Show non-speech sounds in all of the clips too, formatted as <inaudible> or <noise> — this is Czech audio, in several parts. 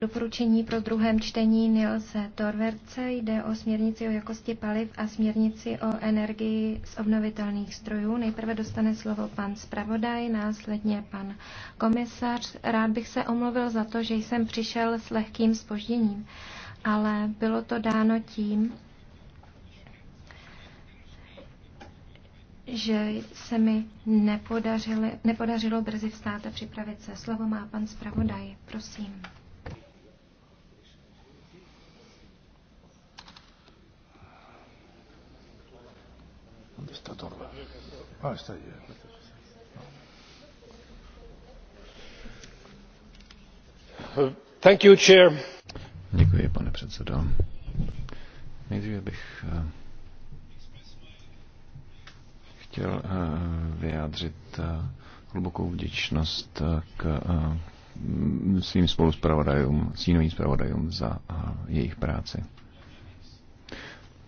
Doporučení pro druhém čtení Nilse Torverce jde o směrnici o jakosti paliv a směrnici o energii z obnovitelných strojů. Nejprve dostane slovo pan zpravodaj, následně pan komisař. Rád bych se omluvil za to, že jsem přišel s lehkým spožděním, ale bylo to dáno tím, že se mi nepodařilo brzy vstát a připravit se. Slovo má pan zpravodaj, prosím. Está todo. Ah, está ahí. Thank you, chair. Děkuji, pane předsedo. Nejdříve bych eh, chtěl eh, vyjádřit eh, hlubokou vděčnost k svým spoluspravodajům, sínovým spravodajům za jejich práci.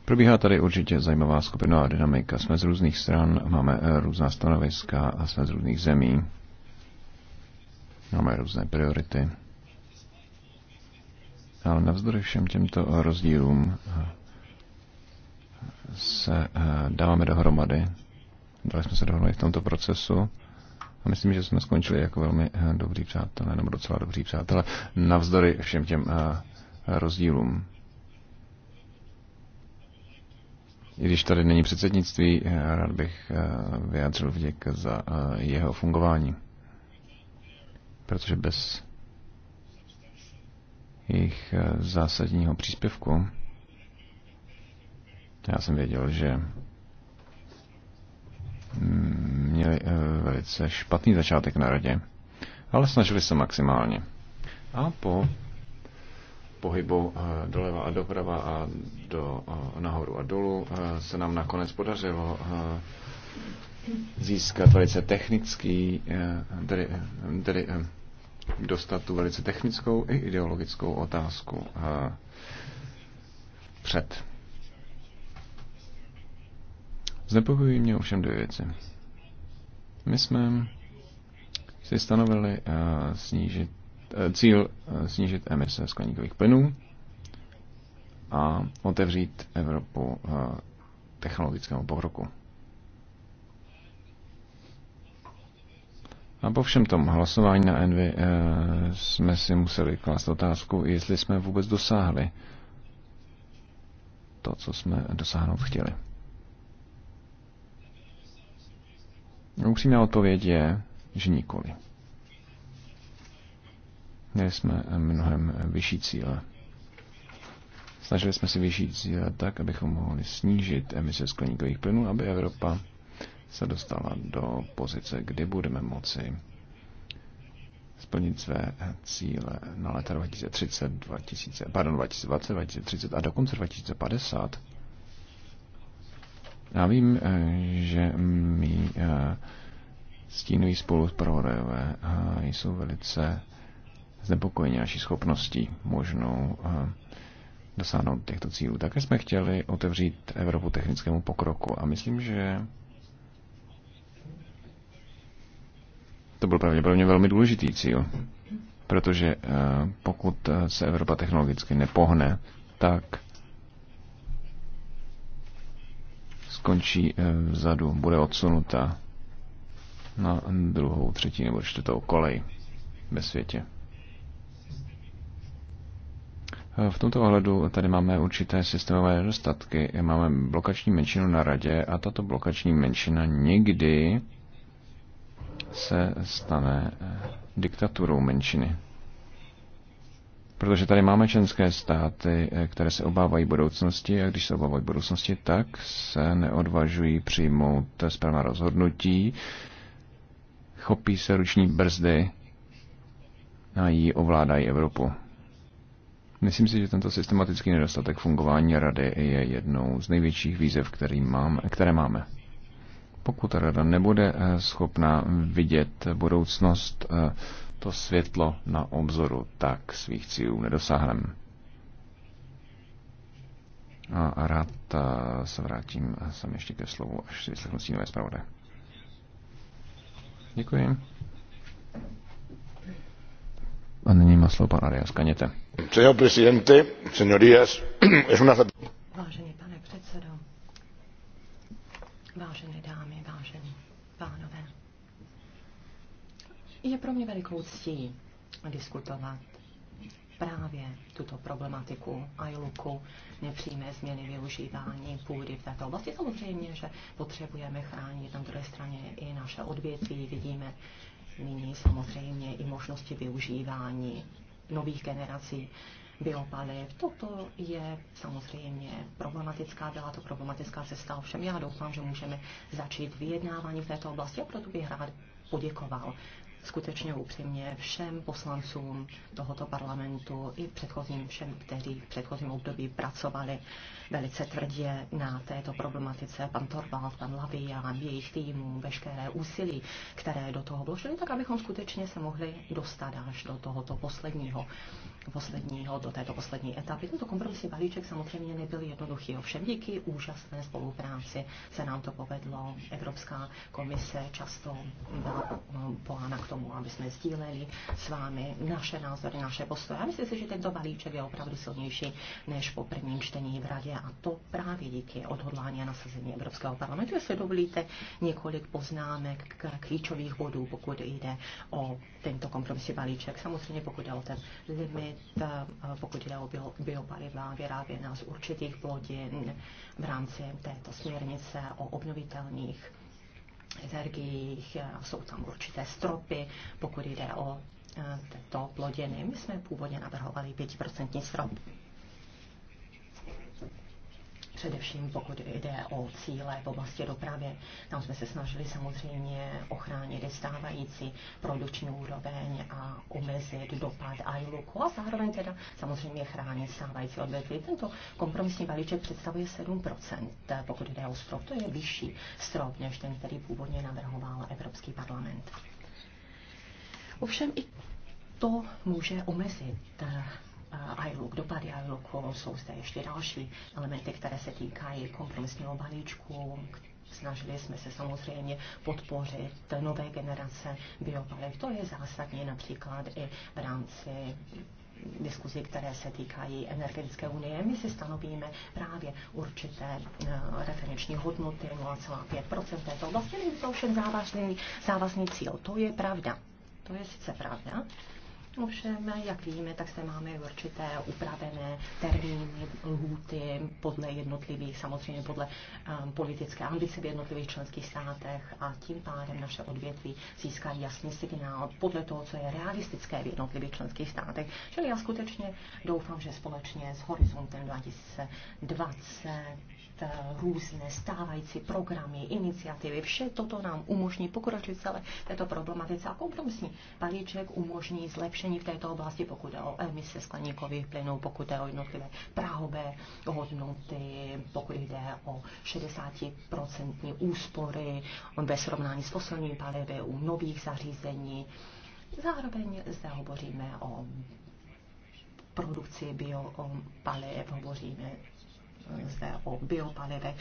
Probíhá tady určitě zajímavá skupinová dynamika. Jsme z různých stran, máme eh, různá stanoviska a jsme z různých zemí. Máme různé priority. Ale navzdory všem těmto rozdílům eh, se eh, dáváme dohromady. Dali jsme se dohromady v tomto procesu a myslím, že jsme skončili jako velmi dobrý přátelé, nebo docela dobrý přátelé, navzdory všem těm rozdílům. I když tady není předsednictví, eh, rád bych eh, vyjádřil vděk za eh, jeho fungování. Protože bez jejich zásadního příspěvku já jsem věděl, že mm, měli velice špatný začátek na radě, ale snažili se maximálně. A po pohybu eh, doleva a doprava a do, eh, nahoru a dolů eh, se nám nakonec podařilo získat velice technický, tedy, tedy dostat tu velice technickou i ideologickou otázku před. Znepokojují mě ovšem dvě věci. My jsme si stanovili snížit Eh, cíl eh, snížit emise skleníkových plynů a otevřít Evropu eh, technologickému pokroku. A po všem tom hlasování na Envy jsme si museli klást otázku, jestli jsme vůbec dosáhli to, co jsme dosáhnout chtěli. Upřímná odpověď je, že nikoli. Měli jsme mnohem vyšší cíle. Snažili jsme si vyšší cíle tak, abychom mohli snížit emise skleníkových plynů, aby Evropa se dostala do pozice, kdy budeme moci splnit své cíle na leta 2030, 2000, pardon, 2020, 2030 a dokonce 2050. Já vím, eh, že mý eh, stínoví s eh, jsou velice znepokojení naší schopností možnou eh, dosáhnout těchto cílů. Také jsme chtěli otevřít Evropu technickému pokroku a myslím, že to byl pravděpodobně velmi důležitý cíl, protože eh, pokud eh, se Evropa technologicky nepohne, tak skončí vzadu, bude odsunuta na druhou, třetí nebo čtvrtou kolej ve světě. V tomto ohledu tady máme určité systémové nedostatky. Máme blokační menšinu na radě a tato blokační menšina někdy se stane eh, diktaturou menšiny. Protože tady máme členské státy, eh, které se obávají budoucnosti a když se obávají budoucnosti, tak se neodvažují přijmout správná rozhodnutí, chopí se ruční brzdy a ji ovládají Evropu. Myslím si, že tento systematický nedostatek fungování rady je jednou z největších výzev, který mám, které máme. Pokud rada nebude eh, schopna vidět budoucnost, eh, to světlo na obzoru, tak svých cílů nedosáhneme. A rád eh, se vrátím sem ještě ke slovu, až si vyslechnu stínové zpravodaje. Děkuji. A nyní má slovo pan Arias Kaněte. Señor presidente, <clears throat> Vážený pane předsedo, vážené dámy, vážení pánové, je pro mě velikou ctí diskutovat právě tuto problematiku ILUKu nepřímé změny využívání půdy v této oblasti. Samozřejmě, že potřebujeme chránit na druhé straně i naše odvětví. Vidíme nyní samozřejmě i možnosti využívání nových generací biopaliv. Toto je samozřejmě problematická, byla to problematická cesta, ovšem já doufám, že můžeme začít vyjednávání v této oblasti a proto bych rád poděkoval skutečně upřímně všem poslancům tohoto parlamentu i předchozím všem, kteří v předchozím období pracovali velice tvrdě na této problematice, pan Torvald, pan Lavi a jejich týmu veškeré úsilí, které do toho vložili, tak abychom skutečně se mohli dostat až do tohoto posledního posledního, do této poslední etapy. Tento kompromisní balíček samozřejmě nebyl jednoduchý, ovšem díky úžasné spolupráci se nám to povedlo. Evropská komise často byla volána no, k tomu, tomu, aby jsme sdíleli s vámi naše názory, naše postoje. A myslím si, že tento balíček je opravdu silnější než po prvním čtení v radě a to právě díky odhodlání a nasazení Evropského parlamentu. Jestli dovolíte několik poznámek k klíčových bodů, pokud jde o tento kompromisní balíček. Samozřejmě pokud jde o ten limit, eh, pokud jde o bio, biopaliva vyráběná z určitých plodin v rámci této směrnice o obnovitelných energiích, jsou tam určité stropy, pokud jde o eh, tyto plodiny. My jsme původně navrhovali 5% strop především pokud jde o cíle v oblasti dopravy. Tam jsme se snažili samozřejmě ochránit stávající produční úroveň a omezit dopad ILUKu a zároveň teda samozřejmě chránit stávající odvětví. Tento kompromisní balíček představuje 7%, pokud jde o strop. To je vyšší strop, než ten, který původně navrhoval Evropský parlament. Ovšem i to může omezit ILUK, dopady ILUKu, jsou zde ještě další elementy, které se týkají kompromisního balíčku, Snažili jsme se samozřejmě podpořit nové generace biopaliv. To je zásadně, například i v rámci diskuzi, které se týkají energetické unie. My si stanovíme právě určité e, referenční hodnoty 0,5 této oblasti, není to ovšem závazný, závazný cíl. To je pravda. To je sice pravda, Ovšem, jak víme, tak se máme určité upravené termíny, lhůty podle jednotlivých, samozřejmě podle um, politické ambice v jednotlivých členských státech a tím pádem naše odvětví získají jasný signál podle toho, co je realistické v jednotlivých členských státech. Čili já skutečně doufám, že společně s Horizontem 2020 Eh, různé stávající programy, iniciativy. Vše toto nám umožní pokročit celé této problematice a kompromisní balíček umožní zlepšení v této oblasti, pokud je o emise skleníkových plynů, pokud je o jednotlivé prahové hodnoty, pokud jde o 60% úspory ve srovnání s fosilními palivy u nových zařízení. Zároveň zde hovoříme o produkci biopaliv, hovoříme zde o biopalivech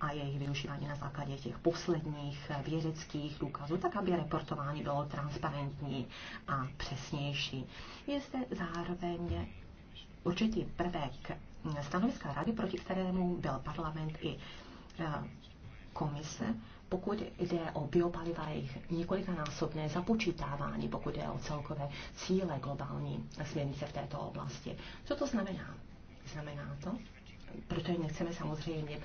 a jejich využívání na základě těch posledních vědeckých důkazů, tak aby reportování bylo transparentní a přesnější. Je zde zároveň určitý prvek stanoviska rady, proti kterému byl parlament i e, komise, pokud jde o biopaliva jejich několikanásobné započítávání, pokud jde o celkové cíle globální směrnice v této oblasti. Co to znamená? Znamená to, protože nechceme samozřejmě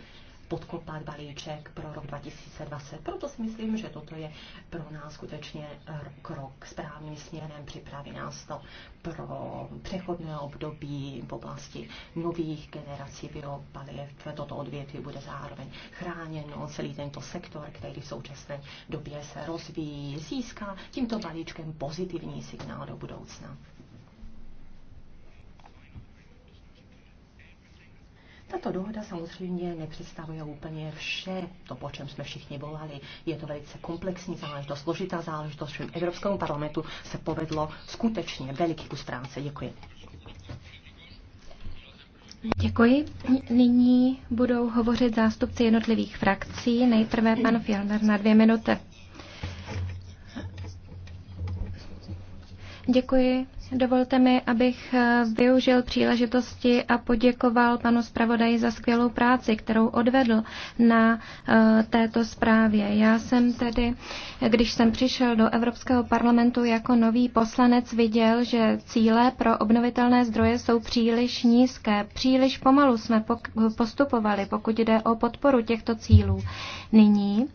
podkopat balíček pro rok 2020. Proto si myslím, že toto je pro nás skutečně krok správným směrem. Připraví nás to pro přechodné období v oblasti nových generací biopaliv. Toto odvětví bude zároveň chráněno. Celý tento sektor, který v současné době se rozvíjí, získá tímto balíčkem pozitivní signál do budoucna. Tato dohoda samozřejmě nepředstavuje úplně vše, to, po čem jsme všichni volali. Je to velice komplexní záležitost, složitá záležitost. že Evropskému parlamentu se povedlo skutečně veliký kus práce. Děkuji. Děkuji. Nyní budou hovořit zástupci jednotlivých frakcí. Nejprve pan Fjellner na dvě minuty. Děkuji, Dovolte mi, abych eh, využil příležitosti a poděkoval panu zpravodaji za skvělou práci, kterou odvedl na eh, této zprávě. Já jsem tedy, když jsem přišel do Evropského parlamentu jako nový poslanec, viděl, že cíle pro obnovitelné zdroje jsou příliš nízké. Příliš pomalu jsme postupovali, pokud jde o podporu těchto cílů. Nyní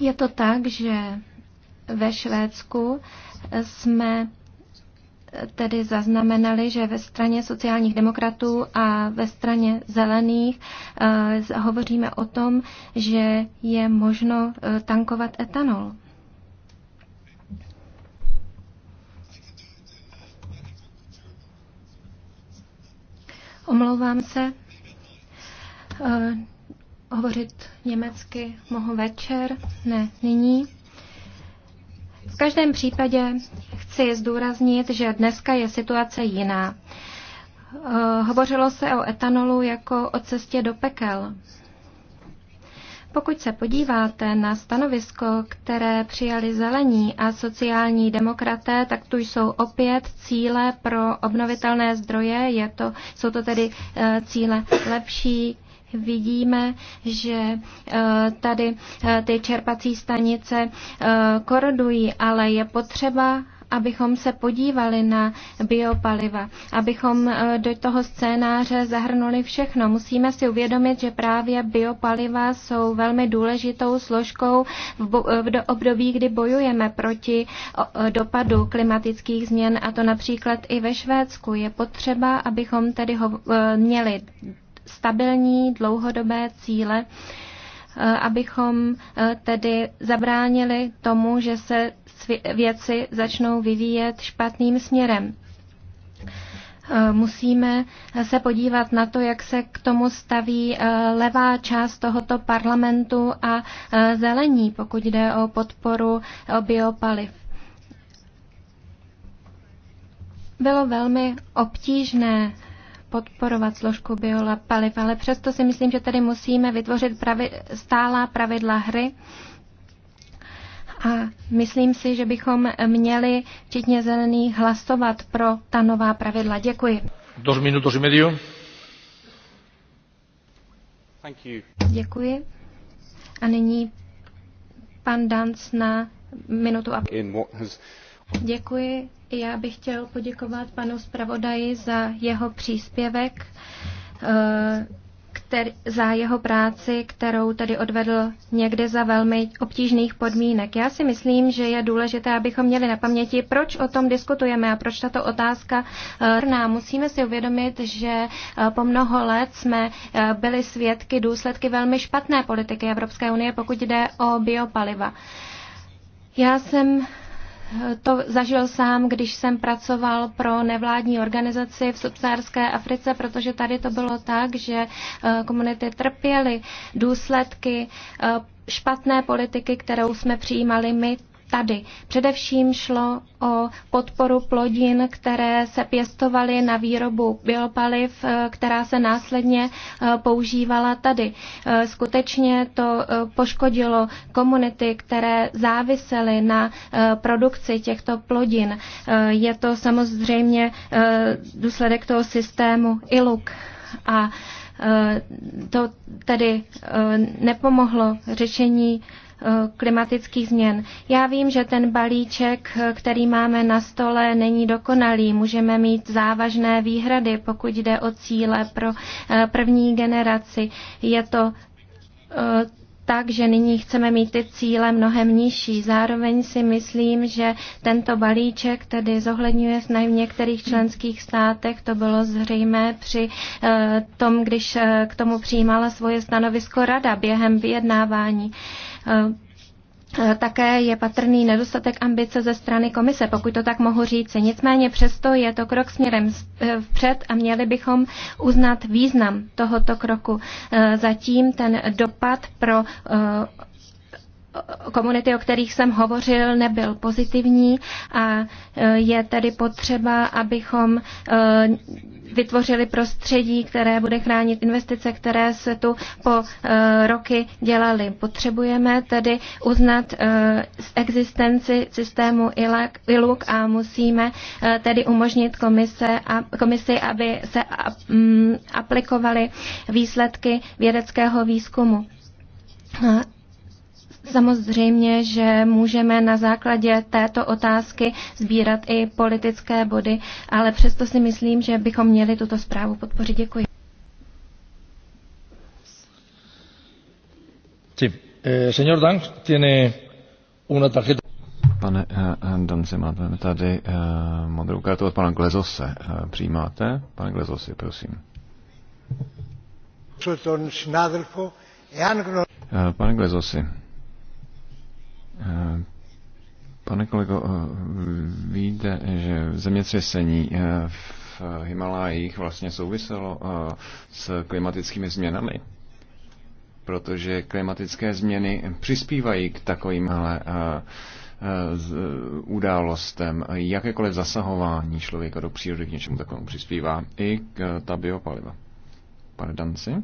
je to tak, že ve Švédsku jsme tedy zaznamenali, že ve straně sociálních demokratů a ve straně zelených eh, hovoříme o tom, že je možno eh, tankovat etanol. Omlouvám se. Uh, hovořit německy mohu večer, ne nyní. V každém případě chci zdůraznit, že dneska je situace jiná. Eh, hovořilo se o etanolu jako o cestě do pekel. Pokud se podíváte na stanovisko, které přijali zelení a sociální demokraté, tak tu jsou opět cíle pro obnovitelné zdroje. Je to, jsou to tedy eh, cíle lepší vidíme, že eh, tady eh, ty čerpací stanice eh, korodují, ale je potřeba abychom se podívali na biopaliva, abychom do toho scénáře zahrnuli všechno. Musíme si uvědomit, že právě biopaliva jsou velmi důležitou složkou v období, kdy bojujeme proti dopadu klimatických změn, a to například i ve Švédsku. Je potřeba, abychom tedy měli stabilní dlouhodobé cíle, eh, abychom eh, tedy zabránili tomu, že se věci začnou vyvíjet špatným směrem. Eh, musíme se podívat na to, jak se k tomu staví levá část tohoto parlamentu a zelení, pokud jde o podporu biopaliv. Bylo velmi obtížné podporovat složku biola paliv, ale přesto si myslím, že tady musíme vytvořit pravi, stálá pravidla hry. A myslím si, že bychom měli, včetně zelený hlasovat pro ta nová pravidla. Děkuji. Dos minutos y medio. Thank you. Děkuji. A nyní pan Danc na minutu a... Děkuji. Já bych chtěl poděkovat panu zpravodaji za jeho příspěvek, eh, který, za jeho práci, kterou tady odvedl někde za velmi obtížných podmínek. Já si myslím, že je důležité, abychom měli na paměti, proč o tom diskutujeme a proč tato otázka eh, rná. Musíme si uvědomit, že eh, po mnoho let jsme byli svědky důsledky velmi špatné politiky Evropské unie, pokud jde o biopaliva. Já jsem to zažil sám, když jsem pracoval pro nevládní organizaci v subsaharské Africe, protože tady to bylo tak, že eh, komunity trpěly důsledky eh, špatné politiky, kterou jsme přijímali my tady. Především šlo o podporu plodin, které se pěstovaly na výrobu biopaliv, eh, která se následně eh, používala tady. Eh, skutečně to poškodilo komunity, které závisely na produkci těchto plodin. Je to samozřejmě důsledek toho systému ILUK. A to tedy nepomohlo řešení Eh, klimatických změn. Já vím, že ten balíček, eh, který máme na stole, není dokonalý. Můžeme mít závažné výhrady, pokud jde o cíle pro eh, první generaci. Je to tak, že nyní chceme mít ty cíle mnohem nižší. Zároveň si myslím, že tento balíček tedy zohledňuje v některých členských státech. To bylo zřejmé při tom, když k tomu přijímala svoje stanovisko rada během vyjednávání. Eh, eh, také je patrný nedostatek ambice ze strany komise, pokud to tak mohu říci. Nicméně přesto je to krok směrem eh, vpřed a měli bychom uznat význam tohoto kroku. Zatím ten dopad pro komunity, o kterých jsem hovořil, nebyl pozitivní a e, je tedy potřeba, abychom e, vytvořili prostředí, které bude chránit investice, které se tu po e, roky dělaly. Potřebujeme tedy uznat existenci systému ILUK a musíme tedy umožnit komise a, komisi, aby se mm, aplikovaly výsledky vědeckého výzkumu. Samozřejmě, že můžeme na základě této otázky sbírat i politické body, ale přesto si myslím, že bychom měli tuto zprávu podpořit. Děkuji. Sí. Eh, señor Dank tiene una tarjeta. Pane eh, eh Danci, máte tady eh, modrou kartu od pana Glezose. Eh, přijímáte? Pane Glezose, prosím. Eh, pane Glezosi, Eh, pane kolego, eh, víte, že zemětřesení eh, v Himalájích vlastně souviselo s klimatickými změnami? Protože klimatické změny přispívají k takovýmhle událostem. Jakékoliv zasahování člověka do přírody k něčemu takovému přispívá i k ta biopaliva. Pane Danci?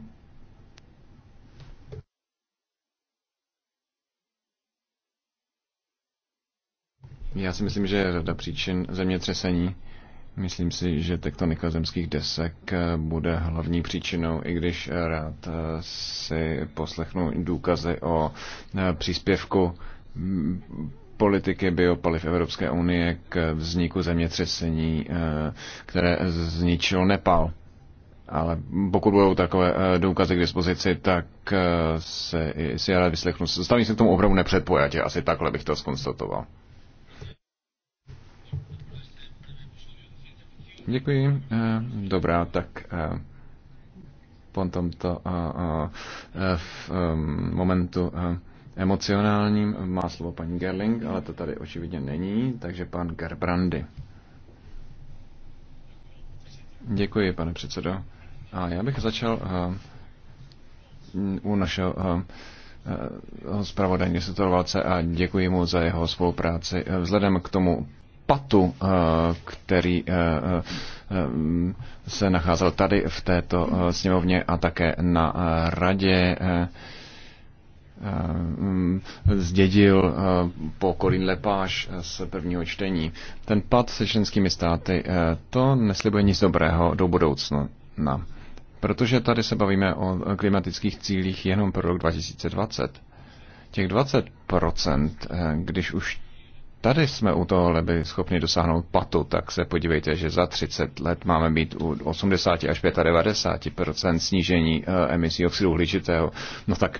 Já si myslím, že je řada příčin zemětřesení. Myslím si, že tektonika zemských desek eh, bude hlavní příčinou, i když eh, rád eh, si poslechnu důkazy o příspěvku mm, politiky biopaliv Evropské unie k vzniku zemětřesení, které zničilo Nepal. Ale pokud budou takové důkazy k dispozici, tak se, si já rád vyslechnu. Stavím se k tomu opravdu nepředpojatě, asi takhle bych to skonstatoval. Děkuji. Eh, dobrá, tak eh, po tomto eh, v ehm, momentu emocionálním má slovo paní Gerling, ale to tady očividně není, takže pan Gerbrandy. Děkuji, pane předsedo. A já bych začal u našeho zpravodajní situace a děkuji mu za jeho spolupráci. Vzhledem k tomu patu, eh, který eh, eh, se nacházel tady v této sněmovně a také na radě zdědil po Corinne Lepage z prvního čtení. Ten pad se členskými státy, to neslibuje nic dobrého do budoucna. Protože tady se bavíme o klimatických cílích jenom pro rok 2020. Těch 20%, když už tady jsme u toho byli schopni dosáhnout patu, tak se podívejte, že za 30 let máme být u 80 až 95 snížení eh, emisí oxidu uhličitého. No tak,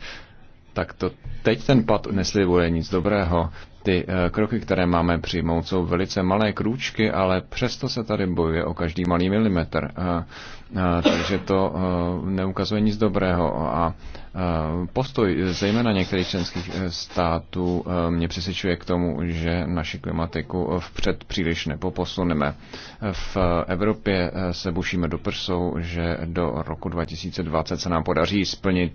tak to teď ten pat neslibuje nic dobrého. Ty eh, kroky, které máme přijmout, jsou velice malé krůčky, ale přesto se tady bojuje o každý malý milimetr. Eh, Eh, takže to eh, neukazuje nic dobrého. A eh, postoj zejména některých členských států mě přesvědčuje k tomu, že naši klimatiku vpřed příliš nepoposuneme. V Evropě se bušíme do prsou, že do roku 2020 se nám podaří splnit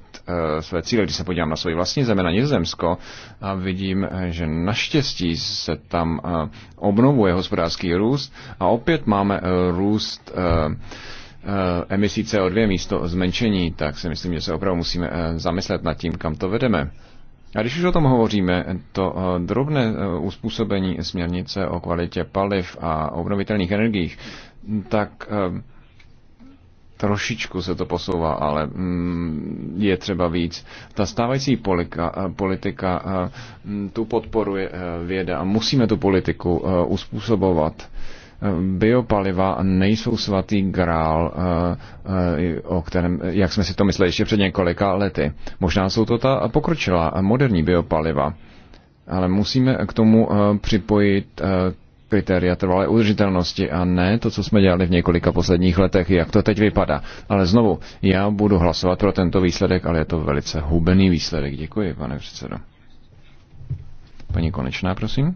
své cíle. Když se podívám na svoji vlastní zemi, na Nizozemsko, a vidím, že naštěstí se tam obnovuje hospodářský růst a opět máme růst Eh, emisí CO2 místo zmenšení, tak si myslím, že se opravdu musíme eh, zamyslet nad tím, kam to vedeme. A když už o tom hovoříme, to eh, drobné uspůsobení směrnice o kvalitě paliv a obnovitelných energiích, tak trošičku se to posouvá, ale mm, je třeba víc. Ta stávající politika, politika tu podporuje věda a musíme tu politiku uspůsobovat biopaliva nejsou svatý grál, eh, eh, o kterém, jak jsme si to mysleli ještě před několika lety. Možná jsou to ta pokročilá moderní biopaliva, ale musíme k tomu eh, připojit kritéria trvalé udržitelnosti a ne to, co jsme dělali v několika posledních letech, jak to teď vypadá. Ale znovu, já budu hlasovat pro tento výsledek, ale je to velice hubený výsledek. Děkuji, pane předsedo. Paní Konečná, prosím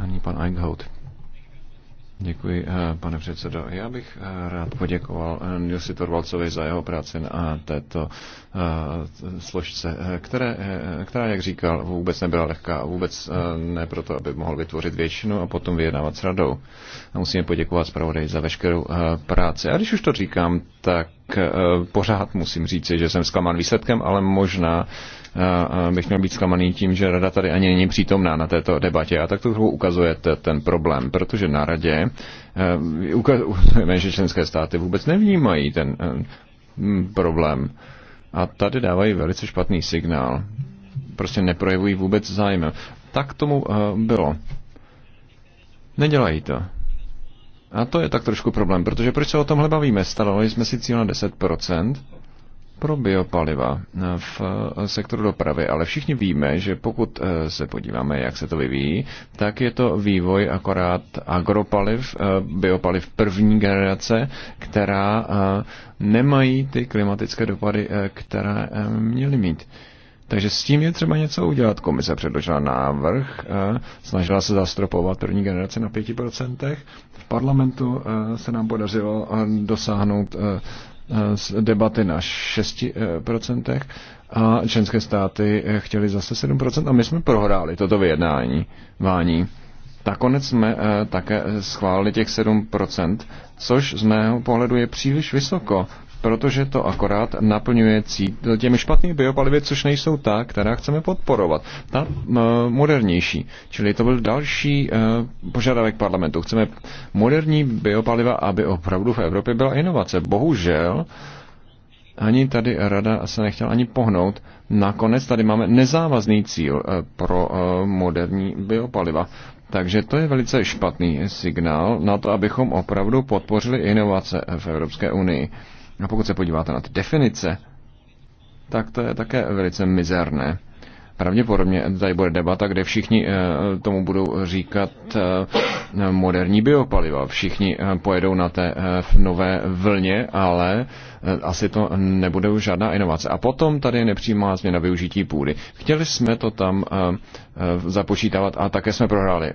Ani pan Eichhout. Děkuji, eh, pane předsedo. Já bych eh, rád poděkoval eh, Nilsi Torvalcovi za jeho práci na této složce, které, která, jak říkal, vůbec nebyla lehká, vůbec ne proto, aby mohl vytvořit většinu a potom vyjednávat s radou. A musíme poděkovat zpravodaji za veškerou práci. A když už to říkám, tak pořád musím říci, že jsem zklamán výsledkem, ale možná bych měl být zklamaný tím, že rada tady ani není přítomná na této debatě. A tak to trochu ukazuje ten problém, protože na radě e, ukazujeme, že členské státy vůbec nevnímají ten e, problém. A tady dávají velice špatný signál. Prostě neprojevují vůbec zájem. Tak tomu e, bylo. Nedělají to. A to je tak trošku problém, protože proč se o tomhle bavíme? Stalo jsme si cíl na 10%, pro biopaliva v sektoru dopravy, ale všichni víme, že pokud eh, se podíváme, jak se to vyvíjí, tak je to vývoj akorát agropaliv, eh, biopaliv první generace, která eh, nemají ty klimatické dopady, které měly mít. Takže s tím je třeba něco udělat. Komise předložila návrh, snažila se zastropovat první generaci na 5%. V parlamentu se nám podařilo dosáhnout Eh, z debaty na 6% eh, a členské státy eh, chtěly zase 7% a my jsme prohráli toto vyjednání vání. Nakonec jsme také schválili těch 7%, což z mého pohledu je příliš vysoko protože to akorát naplňuje no, těmi špatnými biopalivy, což nejsou ta, která chceme podporovat. Ta modernější. Čili to byl další e, požadavek parlamentu. Chceme moderní biopaliva, aby opravdu v Evropě byla inovace. Bohužel ani tady rada se nechtěla ani pohnout. Nakonec tady máme nezávazný cíl e, pro e, moderní biopaliva. Takže to je velice špatný signál na to, abychom opravdu podpořili inovace v Evropské unii. A no, pokud se podíváte na ty definice, tak to je také velice mizerné. Pravděpodobně tady bude debata, kde všichni eh, tomu budou říkat eh, moderní biopaliva. Všichni eh, pojedou na té nové vlně, ale asi to nebude už žádná inovace. A potom tady je nepřímá změna využití půdy. Chtěli jsme to tam započítávat a také jsme prohráli.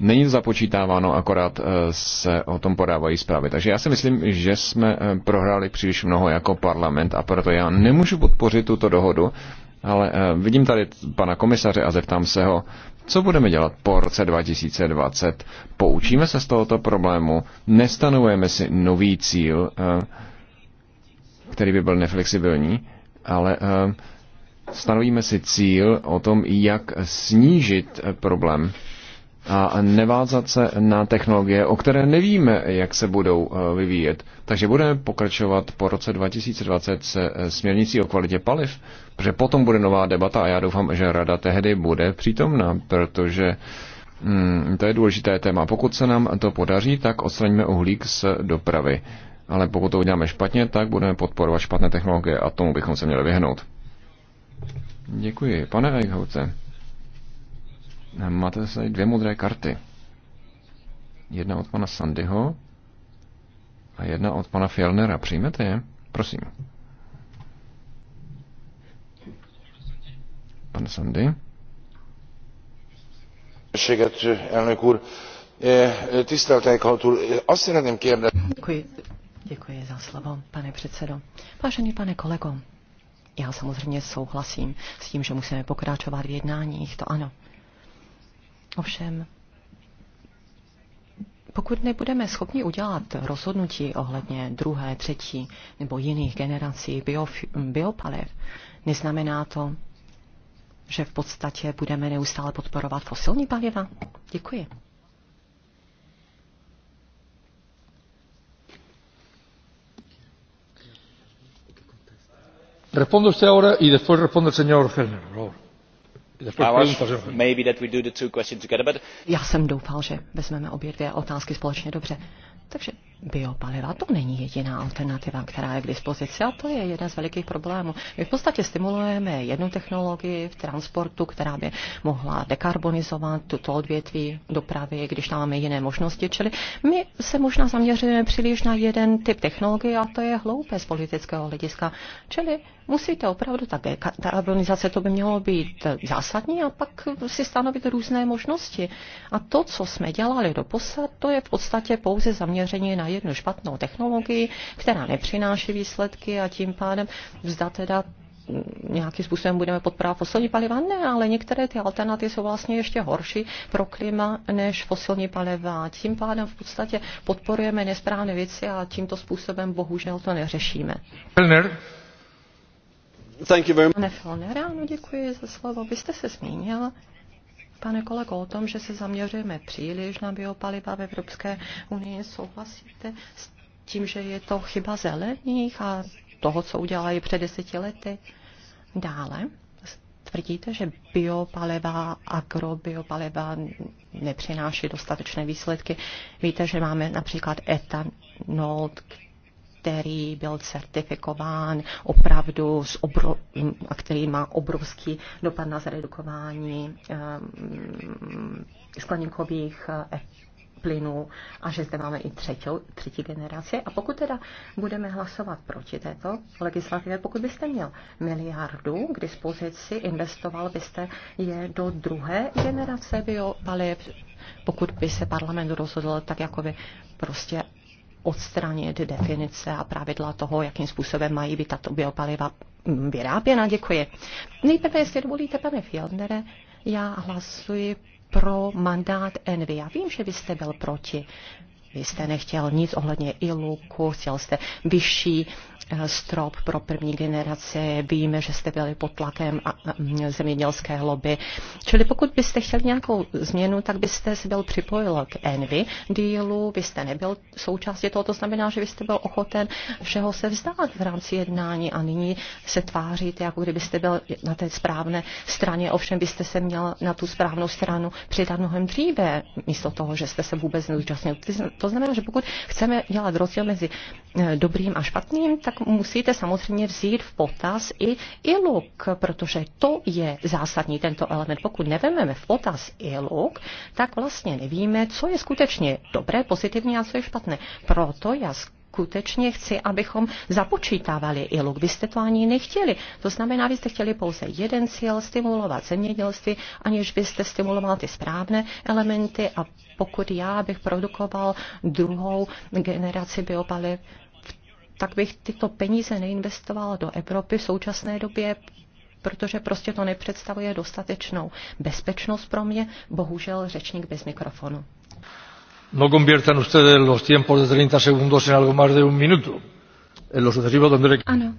Není to započítáváno, akorát se o tom podávají zprávy. Takže já si myslím, že jsme prohráli příliš mnoho jako parlament a proto já nemůžu podpořit tuto dohodu ale eh, vidím tady pana komisaře a zeptám se ho, co budeme dělat po roce 2020? Poučíme se z tohoto problému? Nestanovujeme si nový cíl, eh, který by byl neflexibilní, ale eh, stanovíme si cíl o tom, jak snížit problém a nevázat se na technologie, o které nevíme, jak se budou vyvíjet. Takže budeme pokračovat po roce 2020 se směrnicí o kvalitě paliv. Protože potom bude nová debata a já doufám, že rada tehdy bude přítomna, protože hmm, to je důležité téma. Pokud se nám to podaří, tak odstraníme uhlík z dopravy. Ale pokud to uděláme špatně, tak budeme podporovat špatné technologie a tomu bychom se měli vyhnout. Děkuji. Pane Eichhoute, máte tady dvě modré karty. Jedna od pana Sandyho a jedna od pana Fjellnera. Přijmete je? Prosím. pan Sandy. E, e, děkuji. Děkuji za slovo, pane předsedo. Vážený pane kolego, já samozřejmě souhlasím s tím, že musíme pokračovat v jednáních, to ano. Ovšem, pokud nebudeme schopni udělat rozhodnutí ohledně druhé, třetí nebo jiných generací biopaliv, neznamená to, že v podstatě budeme neustále podporovat fosilní paliva? Děkuji. Respondo usted ahora y después responde el señor Ferner, por favor. Já jsem doufal, že vezmeme obě dvě otázky společně dobře. Takže biopaliva. To není jediná alternativa, která je k dispozici a to je jeden z velikých problémů. My v podstatě stimulujeme jednu technologii v transportu, která by mohla dekarbonizovat tuto odvětví dopravy, když tam máme jiné možnosti. Čili my se možná zaměřujeme příliš na jeden typ technologie a to je hloupé z politického hlediska. Čili Musíte opravdu také, eh, ta organizace to by mělo být eh, zásadní a pak si stanovit různé možnosti. A to, co jsme dělali do posad, to je v podstatě pouze zaměření na jednu špatnou technologii, která nepřináší výsledky a tím pádem vzda teda mm, nějakým způsobem budeme podporovat fosilní paliva. Ne, ale některé ty alternativy jsou vlastně ještě horší pro klima než fosilní paliva. Tím pádem v podstatě podporujeme nesprávné věci a tímto způsobem bohužel to neřešíme. Pane Filner, Pane ráno děkuji za slovo. Vy jste se zmínil, pane kolego, o tom, že se zaměřujeme příliš na biopaliva v Evropské unii. Souhlasíte s tím, že je to chyba zelených a toho, co udělali před deseti lety? Dále tvrdíte, že biopaliva, agrobiopaliva nepřináší dostatečné výsledky. Víte, že máme například etanol, který byl certifikován opravdu s obro, a který má obrovský dopad na zredukování um, ehm, skleníkových eh, plynů a že zde máme i třetí, třetí generaci. A pokud teda budeme hlasovat proti této legislativě, pokud byste měl miliardu k dispozici, investoval byste je do druhé generace biopaliv, pokud by se parlament rozhodl tak jako by prostě odstranit definice a pravidla toho, jakým způsobem mají být tato biopaliva mm, vyráběna. Děkuji. Nejprve, jestli dovolíte, pane Fjellnere, já hlasuji pro mandát Envy. Já vím, že vy jste byl proti. Vy jste nechtěl nic ohledně iluku, chtěl jste vyšší Eh, strop pro první generaci. Víme, že jste byli pod tlakem a, a, mm, zemědělské lobby. Čili pokud byste chtěli nějakou změnu, tak byste se byl připojil k Envy dílu, Byste nebyl součástí toho, to znamená, že byste byl ochoten všeho se vzdát v rámci jednání a nyní se tváříte, jako kdybyste byl na té správné straně, ovšem byste se měl na tu správnou stranu přidat mnohem dříve, místo toho, že jste se vůbec neúčastnil. To znamená, že pokud chceme dělat rozdíl mezi eh, dobrým a špatným, tak musíte samozřejmě vzít v potaz i ILUK, protože to je zásadní tento element. Pokud nevememe v potaz ILUK, tak vlastně nevíme, co je skutečně dobré, pozitivní a co je špatné. Proto já skutečně chci, abychom započítávali ILUK. Vy jste to ani nechtěli. To znamená, vy jste chtěli pouze jeden cíl, stimulovat zemědělství, aniž byste stimuloval ty správné elementy a pokud já bych produkoval druhou generaci biopaliv, tak bych tyto peníze neinvestovala do Evropy v současné době, protože prostě to nepředstavuje dostatečnou bezpečnost pro mě. Bohužel řečník bez mikrofonu. No conviertan ustedes los tiempos de 30 segundos en algo más de un minuto. En lo sucesivo tendré... Ano,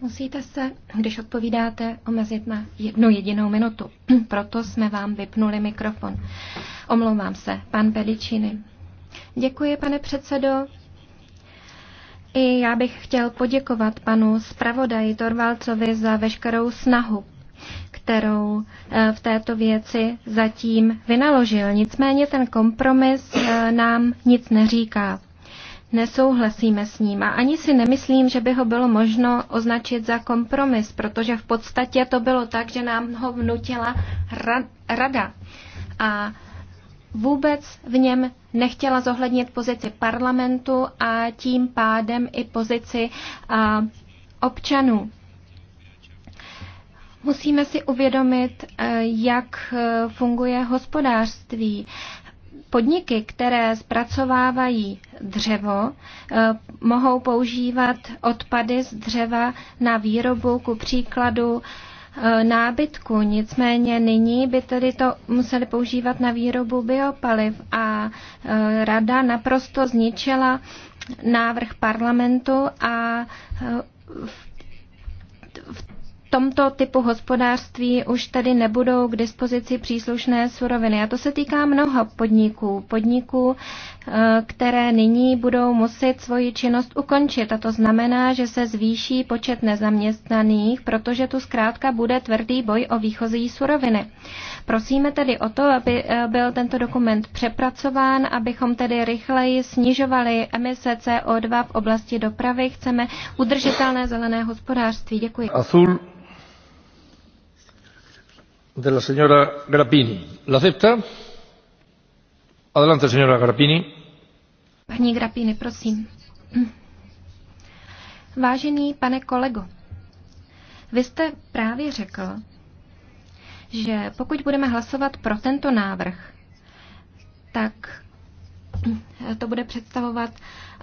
Musíte se, když odpovídáte, omezit na jednu jedinou minutu. <clears throat> Proto jsme vám vypnuli mikrofon. Omlouvám se, pan Pedicini. Děkuji, pane předsedo. I já bych chtěl poděkovat panu zpravodaji Torvalcovi za veškerou snahu, kterou eh, v této věci zatím vynaložil. Nicméně ten kompromis eh, nám nic neříká. Nesouhlasíme s ním a ani si nemyslím, že by ho bylo možno označit za kompromis, protože v podstatě to bylo tak, že nám ho vnutila rada. A vůbec v něm nechtěla zohlednit pozici parlamentu a tím pádem i pozici občanů. Musíme si uvědomit, e, jak e, funguje hospodářství. Podniky, které zpracovávají dřevo, e, mohou používat odpady z dřeva na výrobu, ku příkladu Eh, nábytku. Nicméně nyní by tedy to museli používat na výrobu biopaliv a eh, rada naprosto zničila návrh parlamentu a eh, v tomto typu hospodářství už tady nebudou k dispozici příslušné suroviny. A to se týká mnoha podniků. Podniků, eh, které nyní budou muset svoji činnost ukončit. A to znamená, že se zvýší počet nezaměstnaných, protože tu zkrátka bude tvrdý boj o výchozí suroviny. Prosíme tedy o to, aby eh, byl tento dokument přepracován, abychom tedy rychleji snižovali emise CO2 v oblasti dopravy. Chceme udržitelné zelené hospodářství. Děkuji. Azul. Paní prosím. <clears throat> Vážený pane kolego, vy jste právě řekl, že pokud budeme hlasovat pro tento návrh, tak <clears throat> to bude představovat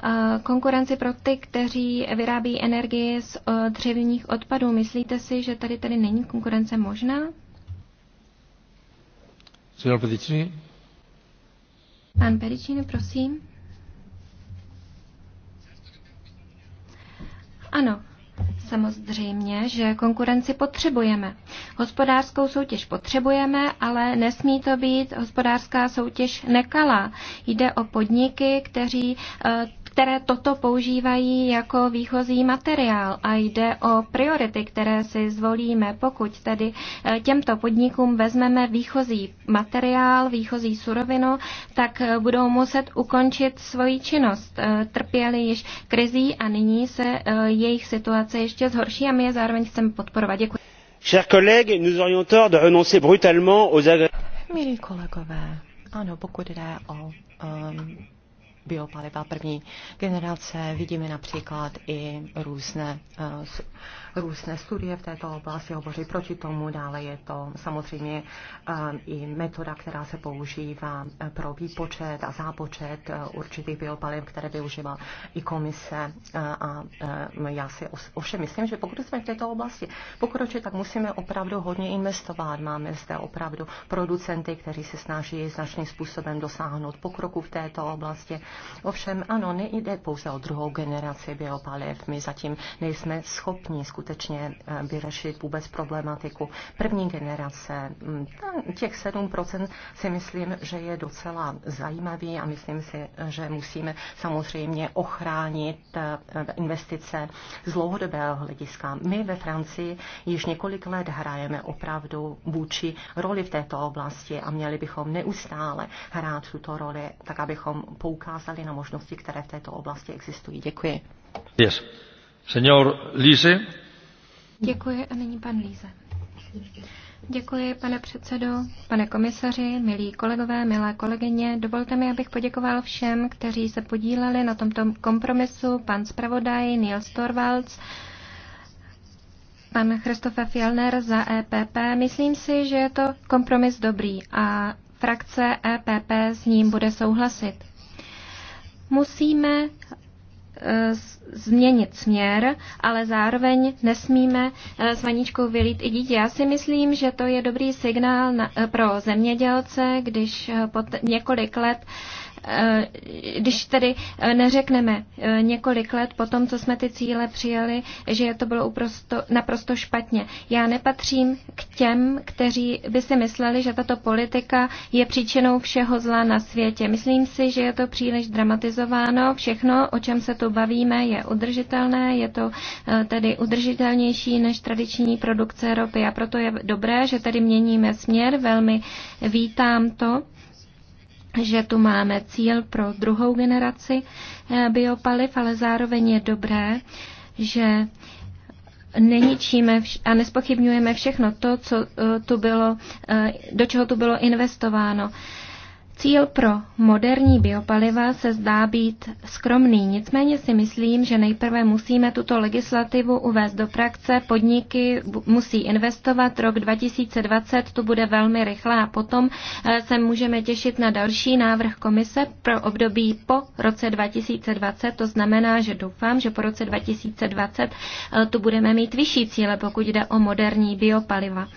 eh, konkurenci pro ty, kteří vyrábí energii z eh, dřevních odpadů. Myslíte si, že tady tady není konkurence možná? Signor Pedicini. Pan Pedicini, prosím. Ano, Samozřejmě, že konkurenci potřebujeme. Hospodářskou soutěž potřebujeme, ale nesmí to být hospodářská soutěž nekalá. Jde o podniky, kteří eh, které toto používají jako výchozí materiál a jde o priority, které si zvolíme, pokud tedy eh, těmto podnikům vezmeme výchozí materiál, výchozí surovinu, tak eh, budou muset ukončit svoji činnost. Eh, trpěli již krizí a nyní se jejich situace ještě zhorší a my je zároveň chceme podporovat. Děkuji. Chers collègues, nous aurions tort de renoncer brutalement aux Milí kolegové, ano, pokud jde o um, biopaliva první generace. Vidíme například i různé eh, různé studie v této oblasti hovoří proti tomu. Dále je to samozřejmě eh, i metoda, která se používá eh, pro výpočet a zápočet eh, určitých biopaliv, které využívá i komise. A já si ovšem myslím, že pokud jsme v této oblasti pokročit, tak musíme opravdu hodně investovat. Máme zde opravdu producenty, kteří se snaží značným způsobem dosáhnout pokroku v této oblasti. Ovšem, ano, nejde pouze o druhou generaci biopaliv. My zatím nejsme schopni skutečně skutečně eh, vyřešit vůbec problematiku první generace. Mm, těch 7% si myslím, že je docela zajímavý a myslím si, že musíme samozřejmě ochránit eh, investice z dlouhodobého hlediska. My ve Francii již několik let hrajeme opravdu vůči roli v této oblasti a měli bychom neustále hrát tuto roli, tak abychom poukázali na možnosti, které v této oblasti existují. Děkuji. Yes. Senor Lise, Děkuji a nyní pan Líze. Děkuji, pane předsedo, pane komisaři, milí kolegové, milé kolegyně. Dovolte mi, abych poděkoval všem, kteří se podíleli na tomto kompromisu, pan zpravodaj Niels Torvalds, pan Christopher Fjellner za EPP. Myslím si, že je to kompromis dobrý a frakce EPP s ním bude souhlasit. Musíme Eh, změnit směr, ale zároveň nesmíme eh, s vaníčkou vylít i dítě. Já si myslím, že to je dobrý signál na, eh, pro zemědělce, když po několik let když tedy eh, neřekneme eh, několik let po tom, co jsme ty cíle přijali, že to bylo uprosto, naprosto špatně. Já nepatřím k těm, kteří by si mysleli, že tato politika je příčinou všeho zla na světě. Myslím si, že je to příliš dramatizováno. Všechno, o čem se tu bavíme, je udržitelné, je to eh, tedy udržitelnější než tradiční produkce ropy a proto je dobré, že tedy měníme směr. Velmi vítám to že tu máme cíl pro druhou generaci eh, biopaliv, ale zároveň je dobré, že neničíme a nespochybňujeme všechno to, co eh, tu bylo, eh, do čeho tu bylo investováno. Cíl pro moderní biopaliva se zdá být skromný, nicméně si myslím, že nejprve musíme tuto legislativu uvést do praxe. Podniky musí investovat, rok 2020 to bude velmi rychle a potom eh, se můžeme těšit na další návrh komise pro období po roce 2020. To znamená, že doufám, že po roce 2020 eh, tu budeme mít vyšší cíle, pokud jde o moderní biopaliva.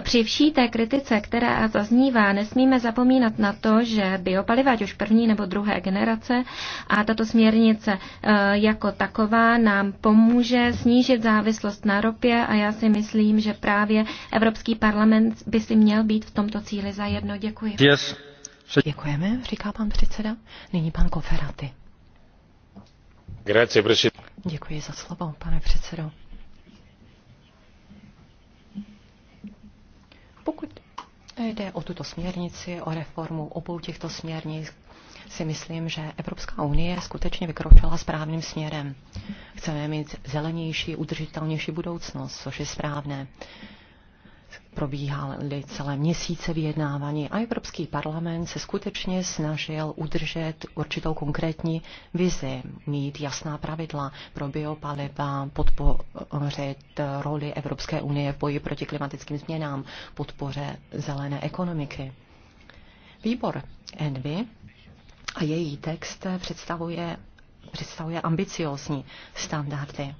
Při vší té kritice, která zaznívá, nesmíme zapomínat na to, že biopaliva, ať už první nebo druhé generace, a tato směrnice e, jako taková nám pomůže snížit závislost na ropě a já si myslím, že právě Evropský parlament by si měl být v tomto cíli zajedno. Děkuji. Yes. Děkujeme, říká pan předseda. Nyní pan Koferaty. Děkuji za slovo, pane předsedo. Pokud Jde o tuto směrnici, o reformu obou těchto směrnic. Si myslím, že Evropská unie skutečně vykročila správným směrem. Chceme mít zelenější, udržitelnější budoucnost, což je správné probíhaly celé měsíce vyjednávání a Evropský parlament se skutečně snažil udržet určitou konkrétní vizi, mít jasná pravidla pro biopaliva, podpořit roli Evropské unie v boji proti klimatickým změnám, podpoře zelené ekonomiky. Výbor Envy a její text představuje, představuje ambiciozní standardy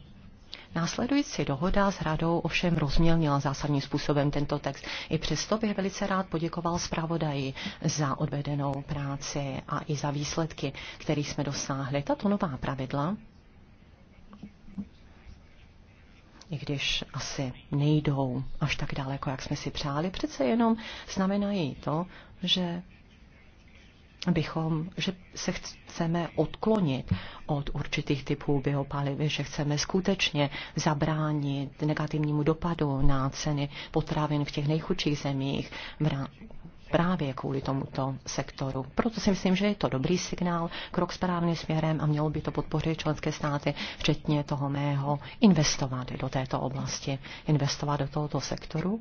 Následující dohoda s radou ovšem rozmělnila zásadním způsobem tento text. I přesto bych velice rád poděkoval zpravodaji za odvedenou práci a i za výsledky, kterých jsme dosáhli. Tato nová pravidla i když asi nejdou až tak daleko, jak jsme si přáli, přece jenom znamenají to, že bychom, že se chceme odklonit od určitých typů biopaliv, že chceme skutečně zabránit negativnímu dopadu na ceny potravin v těch nejchudších zemích právě kvůli tomuto sektoru. Proto si myslím, že je to dobrý signál, krok správným směrem a mělo by to podpořit členské státy, včetně toho mého, investovat do této oblasti, investovat do tohoto sektoru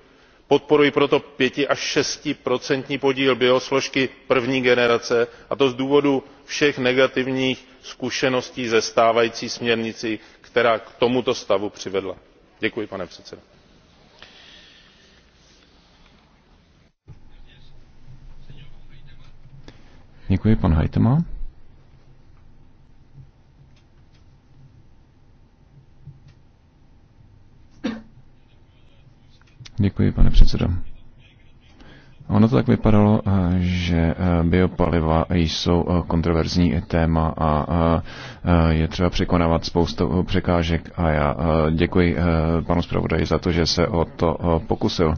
podporuji proto five až six podíl biosložky první generace a to z důvodu všech negativních zkušeností se stávající směrnicí která k tomuto stavu přivedla. děkuji pane předsedající. Děkuji, Děkuji, pane předsedo. Ono to tak vypadalo, eh, že eh, biopaliva jsou eh, kontroverzní téma a je třeba překonávat spoustu překážek a já děkuji panu zpravodaji za to, že se o to pokusil.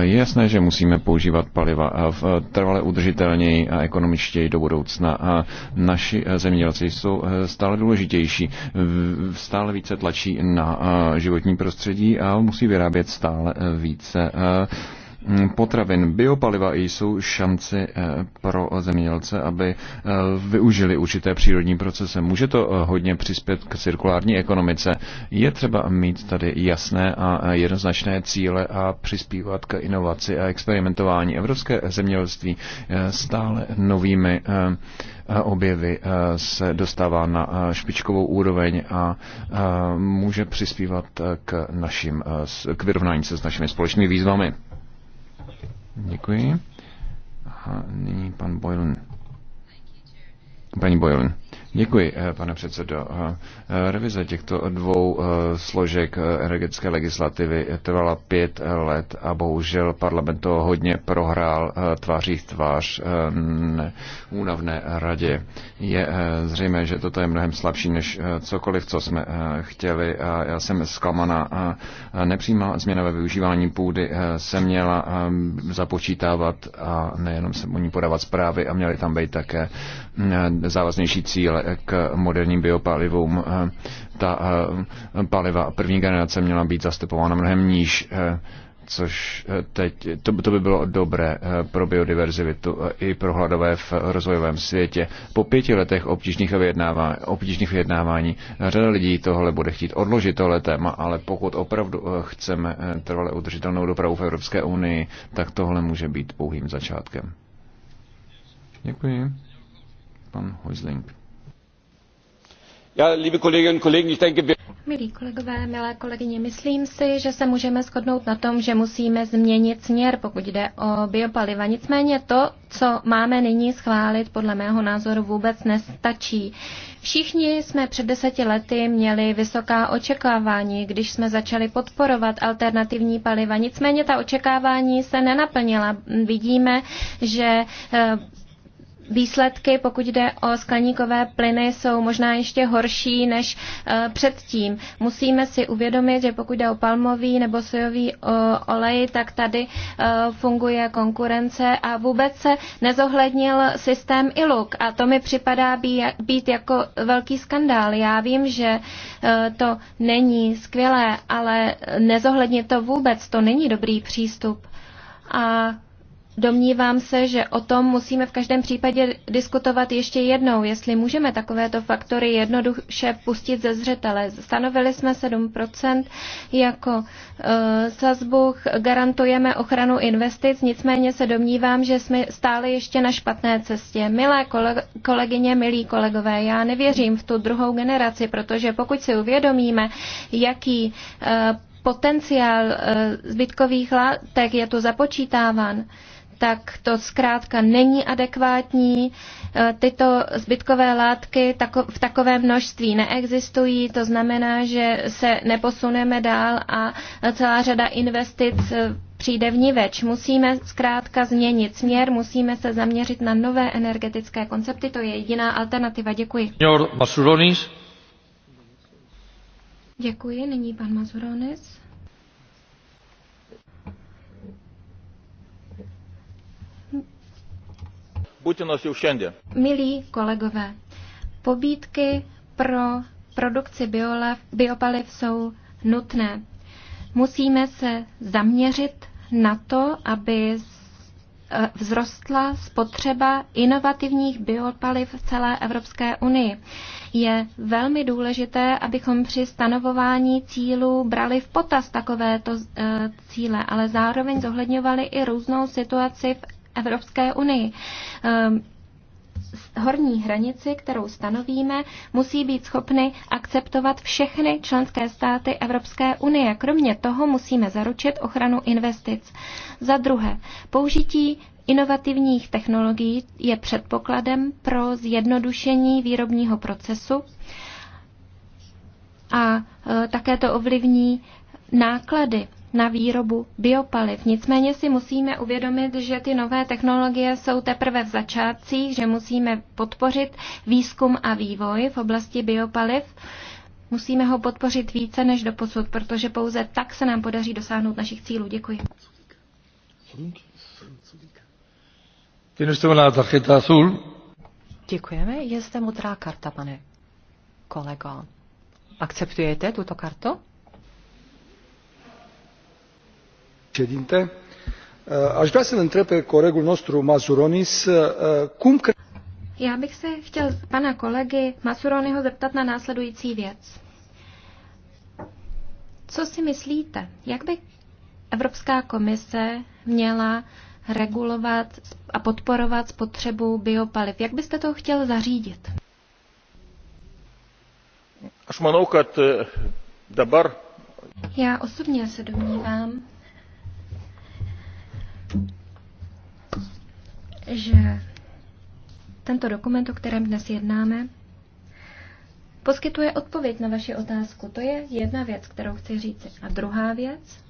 Je jasné, že musíme používat paliva eh, v eh, trvale udržitelněji a ekonomičtěji do budoucna. A naši eh, zemědělci jsou stále důležitější, stále více tlačí na životní prostředí a musí vyrábět stále více Mm, potravin. Biopaliva jsou šanci eh, pro zemědělce, aby eh, využili určité přírodní procese. Může to eh, hodně přispět k cirkulární ekonomice. Je třeba mít tady jasné a jednoznačné cíle a přispívat k inovaci a experimentování. Evropské zemědělství stále novými objevy se dostává na špičkovou úroveň a může přispívat k, našim, k vyrovnání se s našimi společnými výzvami. Děkuji. A nyní pan Boylan. Paní Boylan. Děkuji, eh, pane předsedo. Eh, revize těchto dvou eh, složek energetické legislativy trvala pět let a bohužel parlament to hodně prohrál tváří v tvář únavné radě. Je zřejmé, že toto je mnohem slabší než cokoliv, co jsme chtěli a já jsem zklamaná. Nepřímá změna ve využívání půdy se měla započítávat a nejenom se o ní podávat zprávy a měly tam být také mm, závaznější cíle pachitele k moderním biopalivům. Ta eh, paliva první generace měla být zastupována mnohem níž eh, což eh, teď, to, to by bylo dobré pro biodiverzitu i pro hladové v rozvojovém světě. Po pěti letech obtížných vyjednávání, obtížných vyjednávání řada lidí tohle bude chtít odložit tohle téma, ale pokud opravdu chceme trvale udržitelnou dopravu v Evropské unii, tak tohle může být pouhým začátkem. Děkuji. Pan Hojzling. Milí kolegové, milé kolegyně, myslím si, že se můžeme shodnout na tom, že musíme změnit směr, pokud jde o biopaliva. Nicméně to, co máme nyní schválit, podle mého názoru vůbec nestačí. Všichni jsme před deseti lety měli vysoká očekávání, když jsme začali podporovat alternativní paliva. Nicméně ta očekávání se nenaplnila. Vidíme, že eh, výsledky, pokud jde o skleníkové plyny, jsou možná ještě horší než eh, předtím. Musíme si uvědomit, že pokud jde o palmový nebo sojový olej, tak tady eh, funguje konkurence a vůbec se nezohlednil systém ILUK a to mi připadá být jako velký skandál. Já vím, že eh, to není skvělé, ale nezohlednit to vůbec, to není dobrý přístup. A Domnívám se, že o tom musíme v každém případě diskutovat ještě jednou, jestli můžeme takovéto faktory jednoduše pustit ze zřetele. Stanovili jsme 7% jako uh, sazbu, garantujeme ochranu investic, nicméně se domnívám, že jsme stále ještě na špatné cestě. Milé kole- kolegyně, milí kolegové, já nevěřím v tu druhou generaci, protože pokud si uvědomíme, jaký uh, potenciál uh, zbytkových látek je tu započítáván, tak to zkrátka není adekvátní. E, tyto zbytkové látky v takovém množství neexistují, to znamená, že se neposuneme dál a celá řada investic e, přijde vniveč. Musíme zkrátka změnit směr, musíme se zaměřit na nové energetické koncepty, to je jediná alternativa. Děkuji. Děkuji, nyní pan Mazuronis. jau šiandien. Milí kolegové, pobídky pro produkci biopaliv jsou nutné. Musíme se zaměřit na to, aby eh, vzrostla spotřeba inovativních biopaliv v celé Evropské unii. Je velmi důležité, abychom při stanovování cílů brali v potaz takovéto eh, cíle, ale zároveň zohledňovali i různou situaci v Evropské unii. Ehm, horní hranici, kterou stanovíme, musí být schopny akceptovat všechny členské státy Evropské unie. Kromě toho musíme zaručit ochranu investic. Za druhé, použití inovativních technologií je předpokladem pro zjednodušení výrobního procesu a e, také to ovlivní náklady na výrobu biopaliv. Nicméně si musíme uvědomit, že ty nové technologie jsou teprve v začátcích, že musíme podpořit výzkum a vývoj v oblasti biopaliv. Musíme ho podpořit více než do posud, protože pouze tak se nám podaří dosáhnout našich cílů. Děkuji. Děkujeme. Je zde modrá karta, pane kolego. Akceptujete tuto kartu? Eh, Až vrea să-l întreb pe colegul nostru Mazuronis eh, cum cre... Já bych se chtěl pana kolegy Masuroniho zeptat na následující věc. Co si myslíte, jak by Evropská komise měla regulovat a podporovat spotřebu biopaliv? Jak byste to chtěl zařídit? Eh, Já osobně se domnívám, že tento dokument, o kterém dnes jednáme, poskytuje odpověď na vaši otázku. To je jedna věc, kterou chci říci. A druhá věc,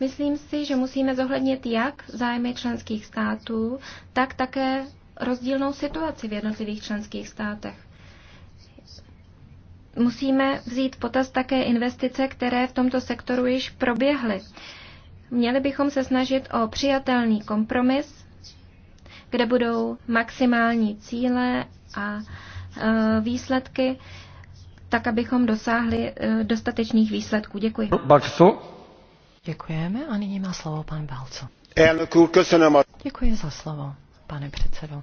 myslím si, že musíme zohlednit jak zájmy členských států, tak také rozdílnou situaci v jednotlivých členských státech. Musíme vzít potaz také investice, které v tomto sektoru již proběhly. Měli bychom se snažit o přijatelný kompromis, kde budou maximální cíle a e, výsledky, tak abychom dosáhli e, dostatečných výsledků. Děkuji. Balco. Děkujeme a nyní má slovo pan Balco. Děkuji za slovo, pane předsedo.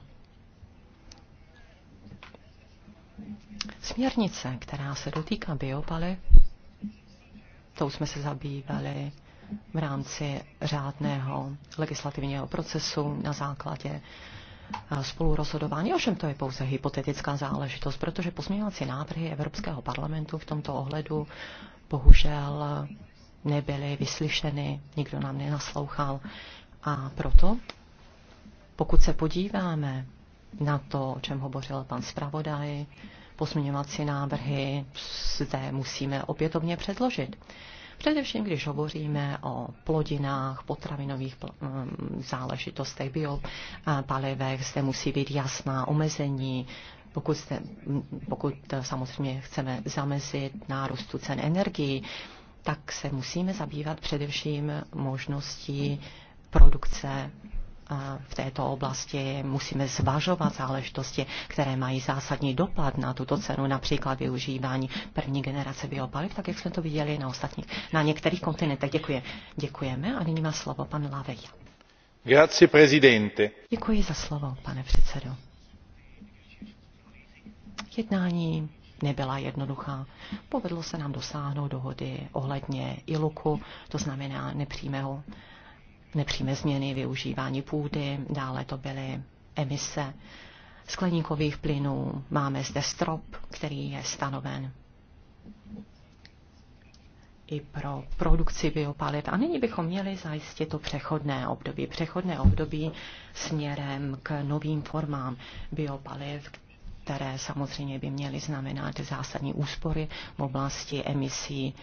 Směrnice, která se dotýká biopaliv, tou jsme se zabývali v rámci řádného legislativního procesu na základě eh, spolurozhodování. Ovšem to je pouze hypotetická záležitost, protože pozměňovací návrhy Evropského parlamentu v tomto ohledu bohužel nebyly vyslyšeny, nikdo nám nenaslouchal. A proto, pokud se podíváme na to, o čem hovořil pan zpravodaj, pozměňovací návrhy zde musíme opětovně předložit. Především, když hovoříme o plodinách, potravinových mm, záležitostech, biopalivech, zde musí být jasná omezení, pokud, jste, mm, pokud e, samozřejmě chceme zamezit nárůstu cen energii, tak se musíme zabývat především možností produkce v této oblasti. Musíme zvažovat záležitosti, které mají zásadní dopad na tuto cenu, například využívání první generace biopaliv, tak jak jsme to viděli na ostatních, na některých kontinentech. Děkuji. Děkujeme a nyní má slovo pan Lavej. Grazie, presidente. Děkuji za slovo, pane předsedo. Jednání nebyla jednoduchá. Povedlo se nám dosáhnout dohody ohledně iluku, to znamená nepřímého nepřímé změny využívání půdy, dále to byly emise skleníkových plynů, máme zde strop, který je stanoven i pro produkci biopaliv. A nyní bychom měli zajistit to přechodné období. Přechodné období směrem k novým formám biopaliv, které samozřejmě by měly znamenat zásadní úspory v oblasti emisí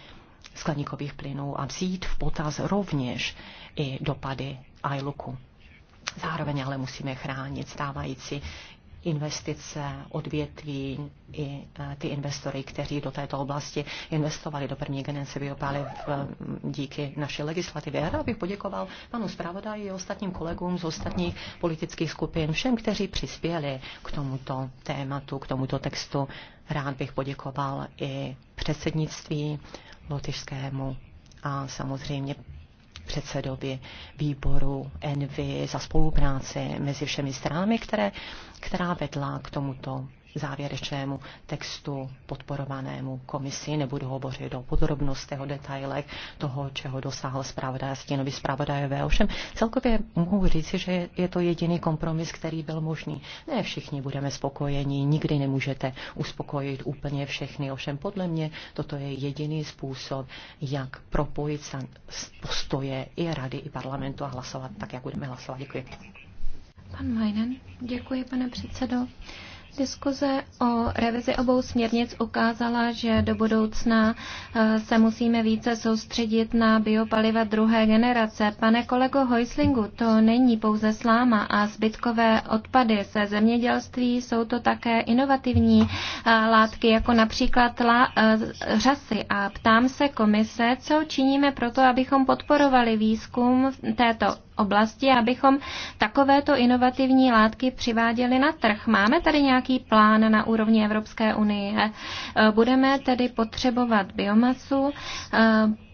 skleníkových plynů a vzít v potaz rovněž i dopady ILUKu. Zároveň ale musíme chránit stávající investice, odvětví i e, ty investory, kteří do této oblasti investovali do první generace biopaliv e, díky naší legislativě. Já bych poděkoval panu zpravodaji i ostatním kolegům z ostatních politických skupin, všem, kteří přispěli k tomuto tématu, k tomuto textu. Rád bych poděkoval i předsednictví lotyšskému a samozřejmě předsedovi výboru Envy za spolupráci mezi všemi stranami, které, která vedla k tomuto závěrečnému textu podporovanému komisi. Nebudu hovořit o podrobnostech, o detailech toho, čeho dosáhl zpravodaj, stínový zpravodajové. Ovšem celkově mohu říci, že je to jediný kompromis, který byl možný. Ne všichni budeme spokojeni, nikdy nemůžete uspokojit úplně všechny. Ovšem podle mě toto je jediný způsob, jak propojit postoje i rady, i parlamentu a hlasovat tak, jak budeme hlasovat. Děkuji. Pan Majnen, děkuji, pane předsedo. Diskuze o revizi obou směrnic ukázala, že do budoucna eh, se musíme více soustředit na biopaliva druhé generace. Pane kolego Hojslingu, to není pouze sláma a zbytkové odpady ze zemědělství, jsou to také inovativní eh, látky, jako například la, eh, řasy. A ptám se komise, co činíme proto, abychom podporovali výzkum této oblasti, abychom takovéto inovativní látky přiváděli na trh. Máme tady nějaký plán na úrovni Evropské unie. Eh, budeme tedy potřebovat biomasu, eh,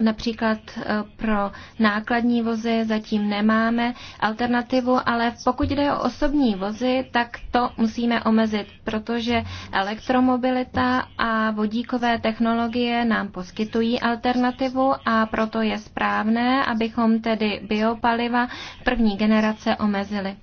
například eh, pro nákladní vozy zatím nemáme alternativu, ale pokud jde o osobní vozy, tak to musíme omezit, protože elektromobilita a vodíkové technologie nám poskytují alternativu a proto je správné, abychom tedy biopaliva první generace omezili.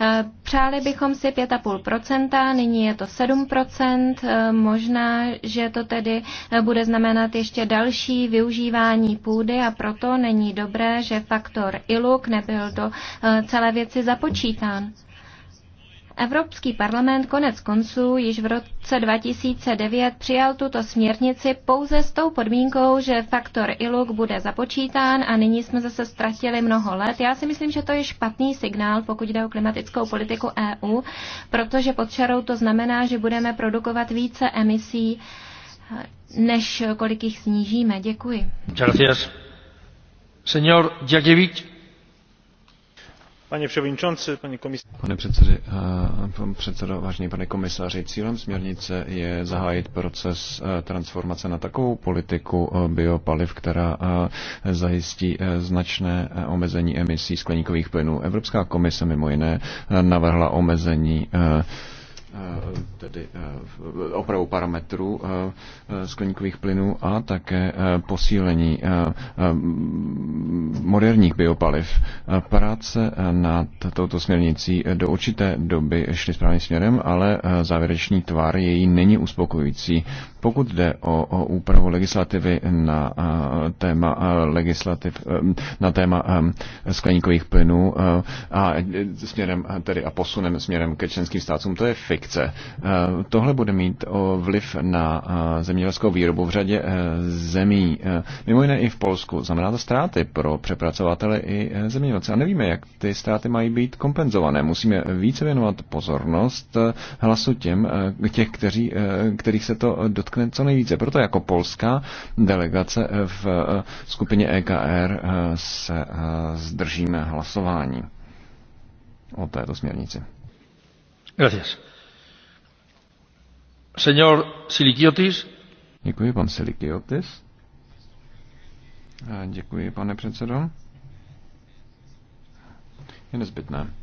Eh, přáli bychom si 5,5%, nyní je to 7%, eh, možná, že to tedy eh, bude znamenat ještě další využívání půdy a proto není dobré, že faktor ILUK nebyl do celé věci započítán. Evropský parlament konec konců již v roce 2009 přijal tuto směrnici pouze s tou podmínkou, že faktor ILUK bude započítán a nyní jsme zase ztratili mnoho let. Já si myslím, že to je špatný signál, pokud jde o klimatickou politiku EU, protože pod čarou to znamená, že budeme produkovat více emisí, než kolik jich snížíme. Děkuji. Děkuji. Señor Jakevič. Pane předsedající, pane komisaři. Pane předsedo, eh, pane komisaři, cílem směrnice je zahájit proces eh, transformace na takovou politiku eh, biopaliv, která zajistí značné omezení emisí skleníkových plynů. Evropská komise mimo jiné navrhla omezení Eh, tedy eh, opravu parametrů eh, skleníkových plynů a také posílení moderních biopaliv. Práce nad touto směrnicí do určité doby šly správným směrem, ale závěrečný tvar její není uspokojující. Pokud jde o, o úpravu legislativy na téma legislativ, na téma skleníkových plynů a směrem tedy a posunem směrem ke členským státům, to je fix restrikce. Eh, tohle bude mít eh, vliv na eh, zemědělskou výrobu v řadě zemí, mimo jiné i v Polsku. Znamená to ztráty pro přepracovatele i zemědělce. A nevíme, jak ty ztráty mají být kompenzované. Musíme více věnovat pozornost hlasu těm, těch, kteří, kterých se to dotkne co nejvíce. Proto jako polská delegace v skupině EKR se zdržíme hlasování o této směrnici. Gracias. Señor Silikiotis. Děkuji, pan Silikiotis. Děkuji, pane předsedo. Je nezbytné.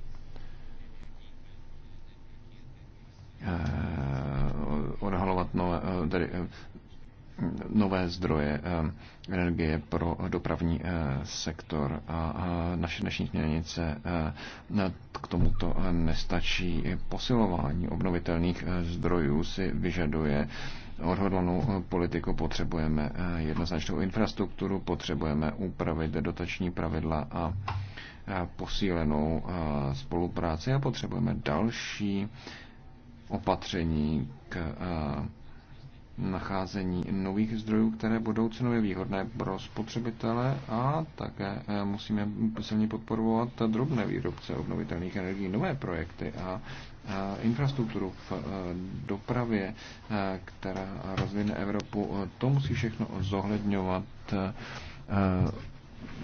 Eh, odhalovat nové, eh, tedy eh, nové zdroje eh, energie pro dopravní eh, sektor a naše dnešní směrnice eh, k tomuto nestačí. Posilování obnovitelných zdrojů si vyžaduje odhodlanou politiku, potřebujeme jednoznačnou infrastrukturu, potřebujeme upravit dotační pravidla a posílenou spolupráci a potřebujeme další opatření k nacházení nových zdrojů, které budou cenově výhodné pro spotřebitele a také eh, musíme silně podporovat drobné výrobce obnovitelných energií, nové projekty a infrastrukturu v eh, dopravě, eh, která rozvine Evropu. To musí všechno zohledňovat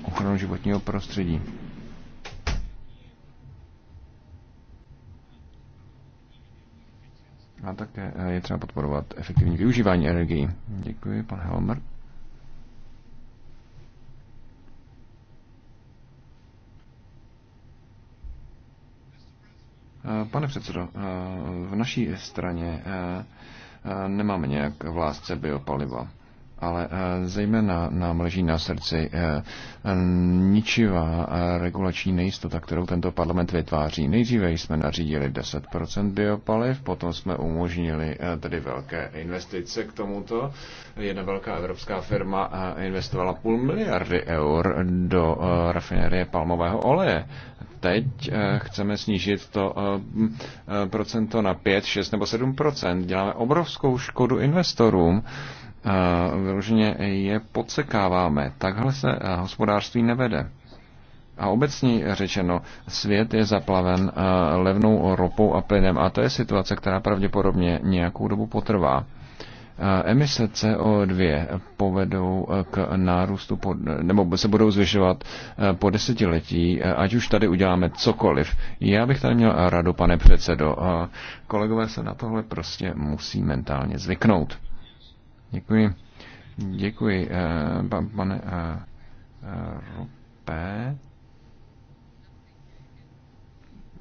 ochranu životního prostředí. A také eh, je třeba podporovat efektivní využívání energii. Děkuji, pan Helmer. Eh, pane předsedo, eh, v naší straně nemáme nějak v lásce biopaliva ale eh, zejména nám leží na srdci eh, ničivá eh, regulační nejistota, kterou tento parlament vytváří. Nejdříve jsme nařídili 10% biopaliv, potom jsme umožnili tedy velké investice k tomuto. Jedna velká evropská firma investovala půl miliardy eur do rafinerie palmového oleje. Teď chceme snížit to procento na 5, 6 nebo 7 Děláme obrovskou škodu investorům vyloženě je podsekáváme. Takhle se hospodářství nevede. A obecně řečeno, svět je zaplaven levnou ropou a plynem a to je situace, která pravděpodobně nějakou dobu potrvá. Emise CO2 povedou k nárůstu, pod, nebo se budou zvyšovat po desetiletí, ať už tady uděláme cokoliv. Já bych tady měl radu, pane předsedo. Kolegové se na tohle prostě musí mentálně zvyknout. Děkuji. Děkuji, eh, pane eh, eh, Rupe.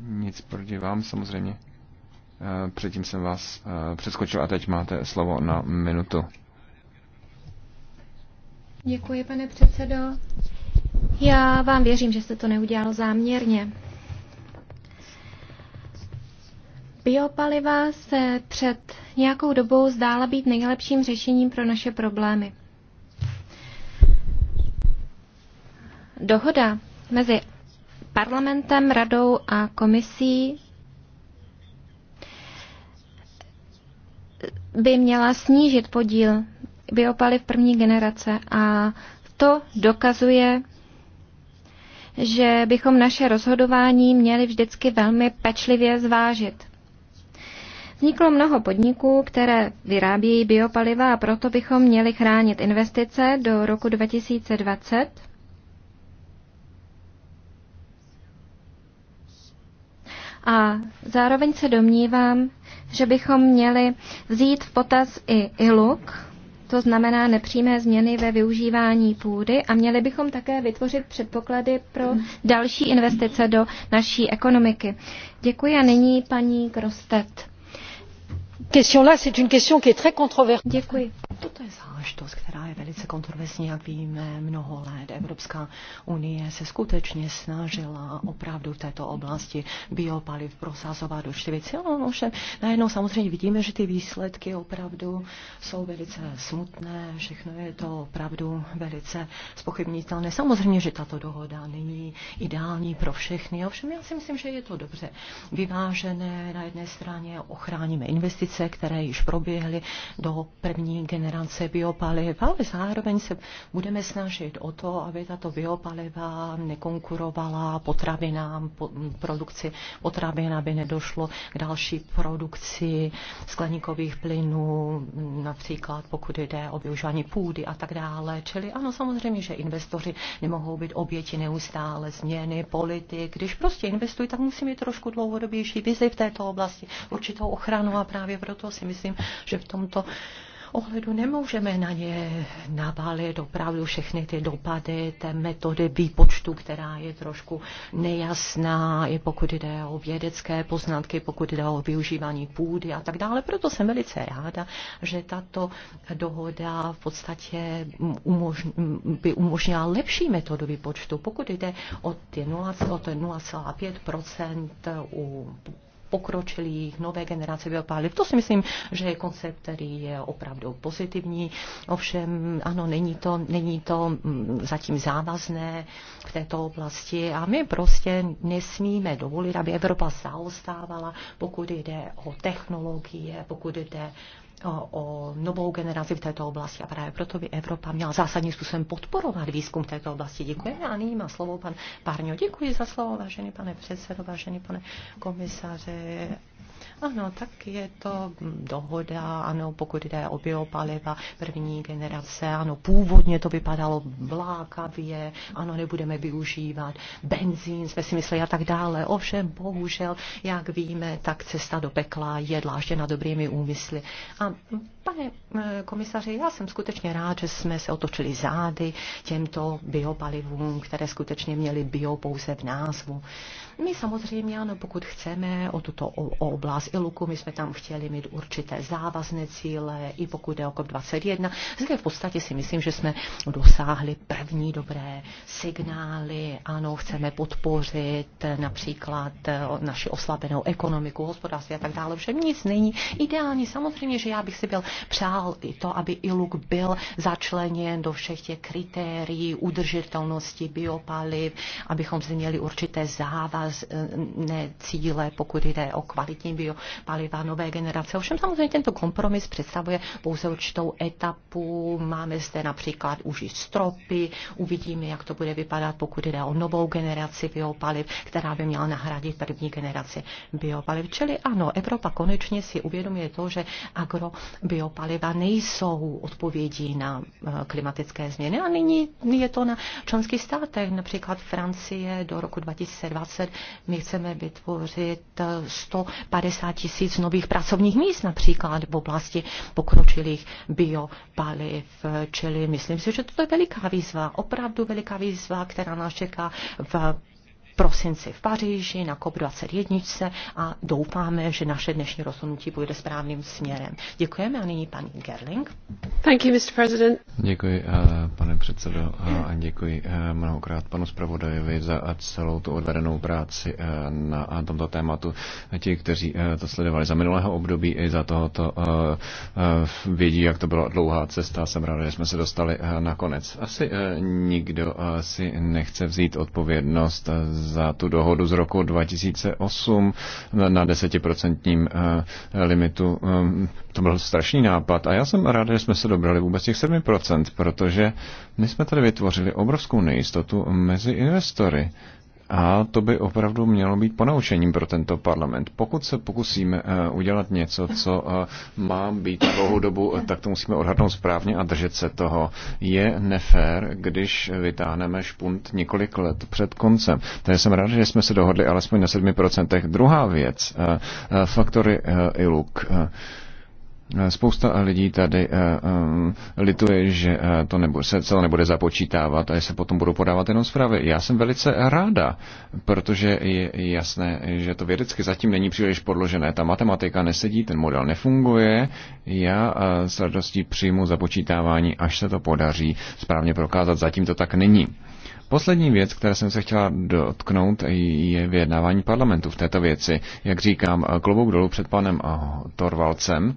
Nic proti vám, samozřejmě. Předtím jsem vás přeskočil a teď máte slovo na minutu. Děkuji, pane předsedo. Já vám věřím, že jste to neudělal záměrně. Biopaliva se před nějakou dobou zdála být nejlepším řešením pro naše problémy. Dohoda mezi parlamentem, radou a komisí by měla snížit podíl biopaliv první generace a to dokazuje, že bychom naše rozhodování měli vždycky velmi pečlivě zvážit. Vzniklo mnoho podniků, které vyrábějí biopaliva a proto bychom měli chránit investice do roku 2020. A zároveň se domnívám, že bychom měli vzít v potaz i iluk, to znamená nepřímé změny ve využívání půdy a měli bychom také vytvořit předpoklady pro další investice do naší ekonomiky. Děkuji a nyní paní Krostet. Question là, c'est une question qui est très controversée záležitost, která je velice kontroverzní, jak víme, mnoho let. Evropská unie se skutečně snažila opravdu v této oblasti biopaliv prosazovat do čtyřicí. No, ovšem, najednou samozřejmě vidíme, že ty výsledky opravdu jsou velice smutné, všechno je to opravdu velice spochybnitelné. Samozřejmě, že tato dohoda není ideální pro všechny, ovšem já si myslím, že je to dobře vyvážené. Na jedné straně ochráníme investice, které již proběhly do první generace bio biopaliva, ale zároveň se budeme snažit o to, aby tato biopaliva nekonkurovala potravinám, produkci potravin, aby nedošlo k další produkci skleníkových plynů, například pokud jde o využívání půdy a tak dále. Čili ano, samozřejmě, že investoři nemohou být oběti neustále změny politik. Když prostě investují, tak musí mít trošku dlouhodobější vizi v této oblasti, určitou ochranu a právě proto si myslím, že v tomto ohledu nemůžeme na ně naválit opravdu všechny ty dopady té metody výpočtu, která je trošku nejasná, i pokud jde o vědecké poznatky, pokud jde o využívání půdy a tak dále. Proto jsem velice ráda, že tato dohoda v podstatě umožn, by umožnila lepší metodu výpočtu, pokud jde o, ty o 0,5 u pokročilých, nové generace biopáliv. To si myslím, že je koncept, který je opravdu pozitivní. Ovšem, ano, není to, není to mm, zatím závazné v této oblasti a my prostě nesmíme dovolit, aby Evropa zaostávala, pokud jde o technologie, pokud jde o novou generaci v této oblasti a právě proto by Evropa měla zásadním způsobem podporovat výzkum v této oblasti. Děkujeme a nyní má slovo pan Párňo. Děkuji za slovo, vážený pane předsedo, vážený pane komisaře. Ano, tak je to dohoda, ano, pokud jde o biopaliva první generace, ano, původně to vypadalo blákavě, ano, nebudeme využívat benzín, jsme si mysleli a tak dále. Ovšem, bohužel, jak víme, tak cesta do pekla je dlážděna dobrými úmysly. A pane eh, komisaři, já jsem skutečně rád, že jsme se otočili zády těmto biopalivům, které skutečně měly bio pouze v názvu. My samozřejmě, ano, pokud chceme o tuto oblast iluku, my jsme tam chtěli mít určité závazné cíle, i pokud je o COP21. Zde v podstatě si myslím, že jsme dosáhli první dobré signály. Ano, chceme podpořit eh, například eh, naši oslabenou ekonomiku, hospodářství a tak dále. Všem nic není ideální. Samozřejmě, že já bych si byl přál i to, aby iluk byl začleněn do všech těch kritérií udržitelnosti biopaliv, abychom zde měli určité závazky závazné eh, cíle, pokud jde o kvalitní biopaliva nové generace. Ovšem samozřejmě tento kompromis představuje pouze určitou etapu. Máme zde například už stropy, uvidíme, jak to bude vypadat, pokud jde o novou generaci biopaliv, která by měla nahradit první generaci biopaliv. Čili ano, Evropa konečně si uvědomuje to, že agrobiopaliva nejsou odpovědí na eh, klimatické změny a nyní je to na členských státech, například Francie do roku 2020 my chceme vytvořit 150 eh, tisíc nových pracovních míst například v oblasti pokročilých biopaliv. Čili myslím si, že toto je veliká výzva, opravdu veliká výzva, která nás čeká v prosinci v Paříži na COP21 a doufáme, že naše dnešní rozhodnutí půjde správným směrem. Děkujeme a nyní paní Gerling. Thank you, Mr. President. Děkuji, eh, pane předsedo, eh, a děkuji eh, mnohokrát panu zpravodajovi za celou tu odvedenou práci na tomto tématu. Ti, kteří to sledovali za minulého období i za tohoto, vědí, jak to byla dlouhá cesta. Jsem rád, že jsme se dostali nakonec. Asi nikdo si nechce vzít odpovědnost za tu dohodu z roku 2008 na desetiprocentním eh, limitu. Eh, to byl strašný nápad a já jsem rád, že jsme se dobrali vůbec těch 7%, protože my jsme tady vytvořili obrovskou nejistotu mezi investory. A to by opravdu mělo být ponaučením pro tento parlament. Pokud se pokusíme eh, udělat něco, co eh, má být dlouhou dobu, eh, tak to musíme odhadnout správně a držet se toho. Je nefér, když vytáhneme špunt několik let před koncem. Takže jsem rád, že jsme se dohodli alespoň na 7%. Druhá věc, faktory ILUK. Eh, spousta lidí tady eh, eh, lituje, že to nebude, se celé nebude započítávat a že se potom budou podávat jenom zprávy. Já jsem velice ráda, protože je jasné, že to vědecky zatím není příliš podložené. Ta matematika nesedí, ten model nefunguje. Já s radostí přijmu započítávání, až se to podaří správně prokázat. Zatím to tak není. Poslední věc, které jsem se chtěla dotknout, je vyjednávání parlamentu v této věci. Jak říkám, klobouk dolů před panem Torvalcem.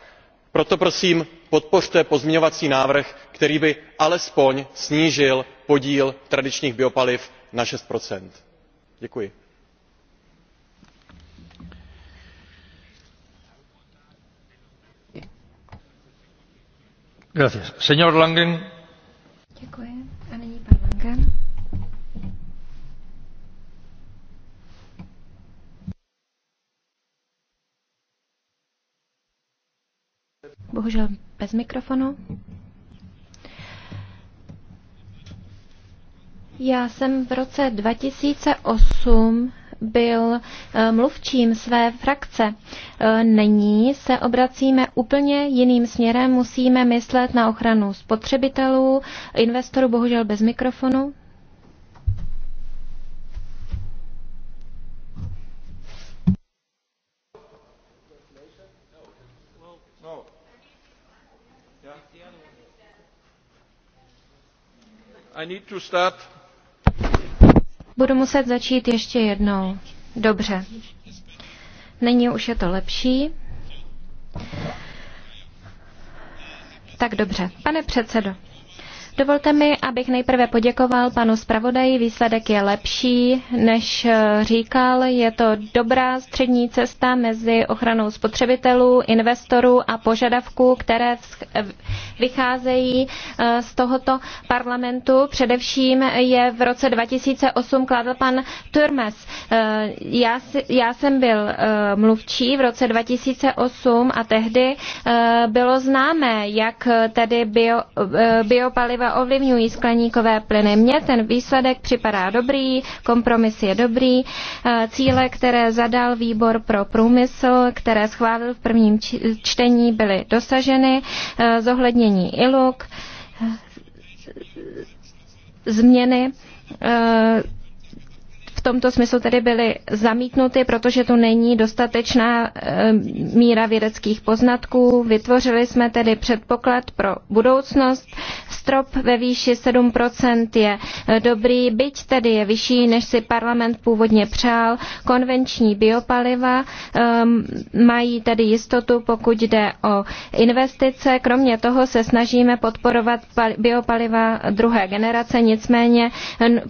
proto prosím podpořte pozměňovací návrh který by alespoň snížil podíl tradičních biopaliv na six procent. děkuji. bohužel bez mikrofonu. Já jsem v roce 2008 byl eh, mluvčím své frakce. Eh, nyní se obracíme úplně jiným směrem, musíme myslet na ochranu spotřebitelů, investorů bohužel bez mikrofonu. Budu muset začít ještě jednou. Dobře. Není už je to lepší. Tak dobře. Pane předsedo, Dovolte mi, abych nejprve poděkoval panu zpravodaji. Výsledek je lepší, než eh, říkal. Je to dobrá střední cesta mezi ochranou spotřebitelů, investorů a požadavků, které eh, vycházejí eh, z tohoto parlamentu. Především je v roce 2008 kladl pan Turmes. Já, já jsem byl mluvčí v roce 2008 a tehdy bylo známé, jak tedy bio, biopaliva paliva ovlivňují skleníkové plyny. Mně ten výsledek připadá dobrý, kompromis je dobrý. E, cíle, které zadal výbor pro průmysl, které schválil v prvním čtení, byly dosaženy. E, zohlednění ILUK, e, změny v tomto smyslu tedy byly zamítnuty, protože tu není dostatečná eh, míra vědeckých poznatků. Vytvořili jsme tedy předpoklad pro budoucnost. Strop ve výši 7% je eh, dobrý, byť tedy je vyšší, než si parlament původně přál. Konvenční biopaliva eh, mají tedy jistotu, pokud jde o investice. Kromě toho se snažíme podporovat biopaliva druhé generace, nicméně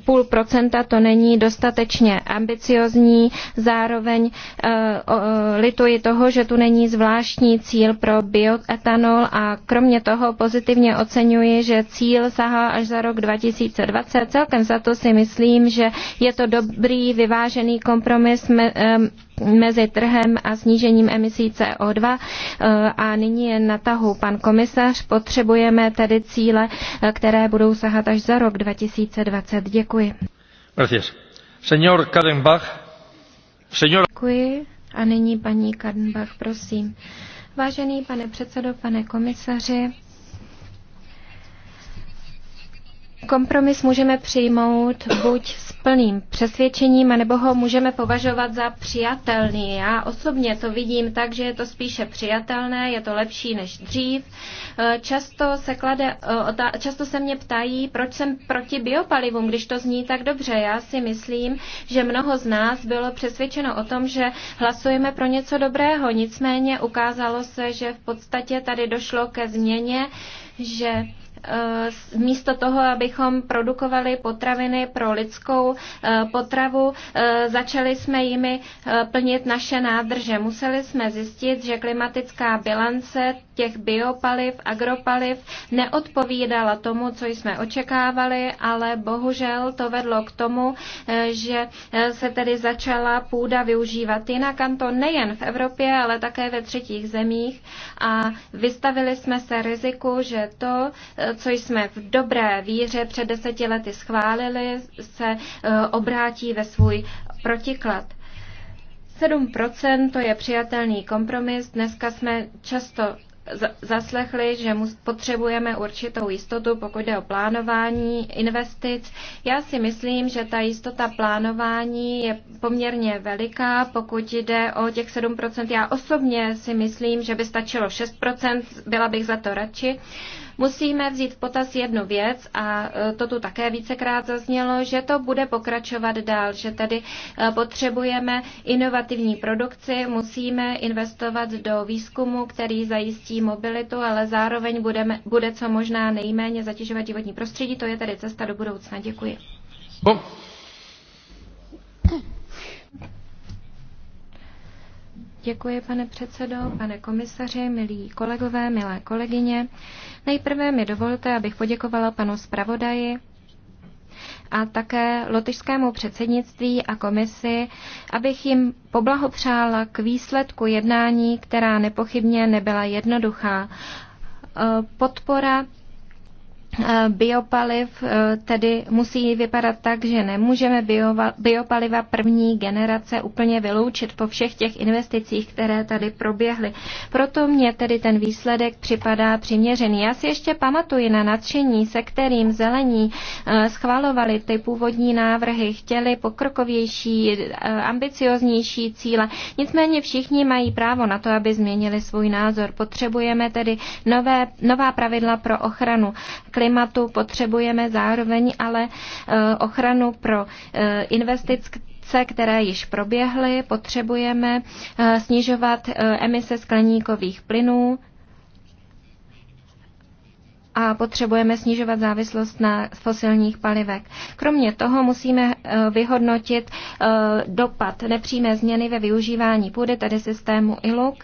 půl procenta to není dostatečné dostatečně ambiciozní. Zároveň eh, eh, lituji toho, že tu není zvláštní cíl pro bioetanol a kromě toho pozitivně oceňuji, že cíl sahá až za rok 2020. Celkem za to si myslím, že je to dobrý vyvážený kompromis mezi trhem a snížením emisí CO2 eh, a nyní je na tahu pan komisař. Potřebujeme tedy cíle, které budou sahat až za rok 2020. Děkuji. Gracias. Děkuji. A nyní paní Kadenbach, prosím. Vážený pane předsedo, pane komisaři, Kompromis můžeme přijmout buď s plným přesvědčením, anebo ho můžeme považovat za přijatelný. Já osobně to vidím tak, že je to spíše přijatelné, je to lepší než dřív. E, často se, klade, e, často se mě ptají, proč jsem proti biopalivům, když to zní tak dobře. Já si myslím, že mnoho z nás bylo přesvědčeno o tom, že hlasujeme pro něco dobrého. Nicméně ukázalo se, že v podstatě tady došlo ke změně, že Eh, místo toho, abychom produkovali potraviny pro lidskou eh, potravu, eh, začali jsme jimi plnit naše nádrže. Museli jsme zjistit, že klimatická bilance těch biopaliv, agropaliv neodpovídala tomu, co jsme očekávali, ale bohužel to vedlo k tomu, že se tedy začala půda využívat jinak, a to nejen v Evropě, ale také ve třetích zemích a vystavili jsme se riziku, že to, co jsme v dobré víře před deseti lety schválili, se eh, obrátí ve svůj protiklad. 7% to je přijatelný kompromis. Dneska jsme často zaslechli, že potřebujeme určitou jistotu, pokud jde o plánování investic. Já si myslím, že ta jistota plánování je poměrně veliká, pokud jde o těch 7%. Já osobně si myslím, že by stačilo 6%, byla bych za to radši. Musíme vzít v potaz jednu věc a e, to tu také vícekrát zaznělo, že to bude pokračovat dál, že tedy e, potřebujeme inovativní produkci, musíme investovat do výzkumu, který zajistí mobilitu, ale zároveň budeme, bude co možná nejméně zatěžovat životní prostředí. To je tedy cesta do budoucna. Děkuji. No. Děkuji, pane předsedo, pane komisaři, milí kolegové, milé kolegyně. Nejprve mi dovolte, abych poděkovala panu zpravodaji a také lotyšskému předsednictví a komisi, abych jim poblahopřála k výsledku jednání, která nepochybně nebyla jednoduchá. Podpora Eh, biopaliv eh, tedy musí vypadat tak, že nemůžeme biopaliva první generace úplně vyloučit po všech těch investicích, které tady proběhly. Proto mě tedy ten výsledek připadá přiměřený. Já si ještě pamatuji na nadšení, se kterým zelení eh, schvalovali ty původní návrhy, chtěli pokrokovější, ambicioznější cíle. Nicméně všichni mají právo na to, aby změnili svůj názor. Potřebujeme tedy nové, nová pravidla pro ochranu klimatu, potřebujeme zároveň ale eh, ochranu pro eh, investic, které již proběhly, potřebujeme eh, snižovat emise skleníkových plynů, a potřebujeme snižovat závislost na fosilních palivech. Kromě toho musíme vyhodnotit dopad nepřímé změny ve využívání půdy, tedy systému ILUK.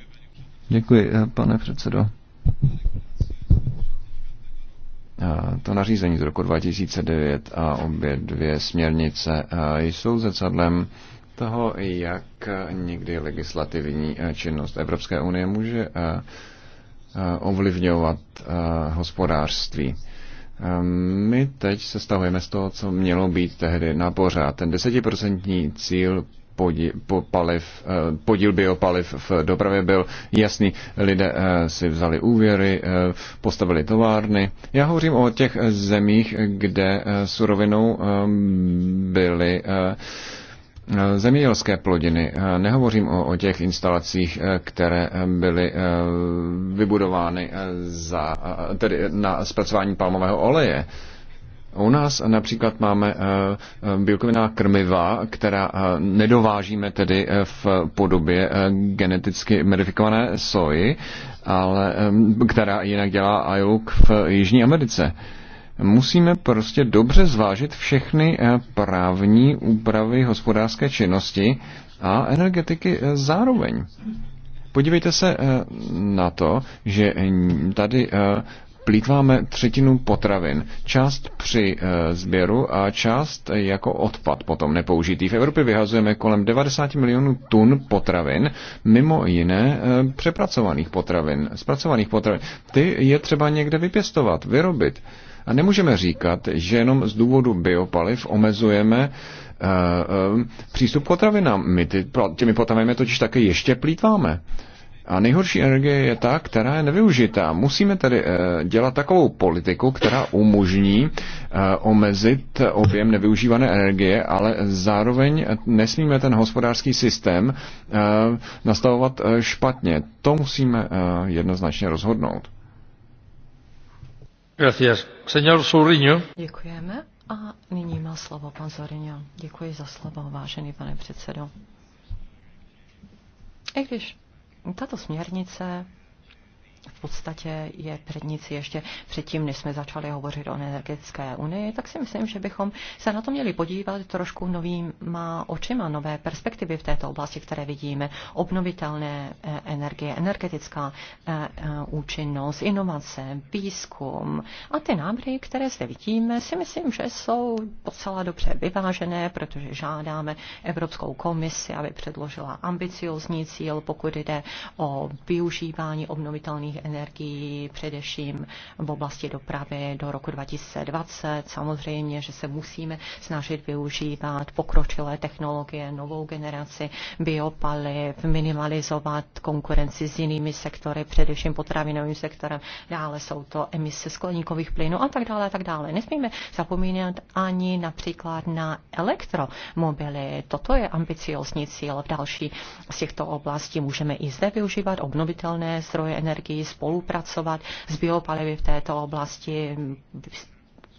Děkuji, eh, pane předsedo. Eh, to nařízení z roku 2009 a obě dvě směrnice eh, jsou zrcadlem toho, jak někdy legislativní činnost Evropské unie může ovlivňovat hospodářství. My teď se stahujeme z toho, co mělo být tehdy na pořád. Ten desetiprocentní cíl podíl, paliv, eh, podíl biopaliv v dopravě byl jasný. Lidé eh, si vzali úvěry, eh, postavili továrny. Já hovořím o těch zemích, kde surovinou byly zemědělské plodiny. Nehovořím o, o těch instalacích, které byly vybudovány za, tedy na zpracování palmového oleje. U nás například máme eh, eh, bílkoviná krmiva, která eh, nedovážíme tedy v podobě geneticky modifikované soji, ale která jinak dělá IUC v Jižní Americe. Musíme prostě dobře zvážit všechny právní úpravy hospodářské činnosti a energetiky zároveň. Podívejte se na to, že tady plítváme třetinu potravin. Část při eh, sběru a část jako odpad potom nepoužitý. V Evropě vyhazujeme kolem 90 milionů tun potravin, mimo jiné eh, přepracovaných potravin, zpracovaných potravin. Ty je třeba někde vypěstovat, vyrobit. A nemůžeme říkat, že jenom z důvodu biopaliv omezujeme uh, uh, přístup k potravinám. My ty, těmi potravinami totiž také ještě plítváme. Uh, a nejhorší energie je ta, která je nevyužitá. Musíme tedy eh, dělat takovou politiku, která umožní eh, omezit objem nevyužívané energie, ale zároveň nesmíme ten hospodářský systém eh, nastavovat špatně. To musíme jednoznačně rozhodnout. Děkujeme. A nyní má slovo pan Zorinio. Děkuji za slovo, vážený pane předsedo. I když tato směrnice v podstatě je přednici ještě předtím, než jsme začali hovořit o energetické unii, tak si myslím, že bychom se na to měli podívat trošku novýma očima, nové perspektivy v této oblasti, které vidíme, obnovitelné eh, energie, energetická eh, eh, účinnost, inovace, výzkum a ty návrhy, které zde vidíme, si myslím, že jsou docela dobře vyvážené, protože žádáme Evropskou komisi, aby předložila ambiciozní cíl, pokud jde o využívání obnovitelných obnovitelných energií, především v oblasti dopravy do roku 2020. Samozřejmě, že se musíme snažit využívat pokročilé technologie, novou generaci biopaliv, minimalizovat konkurenci s jinými sektory, především potravinovým sektorem. Dále jsou to emise skleníkových plynů a tak dále a tak dále. Nesmíme zapomínat ani například na elektromobily. Toto je ambiciozní cíl v další z těchto oblastí. Můžeme i zde využívat obnovitelné zdroje energii spolupracovat s biopalivy v této oblasti,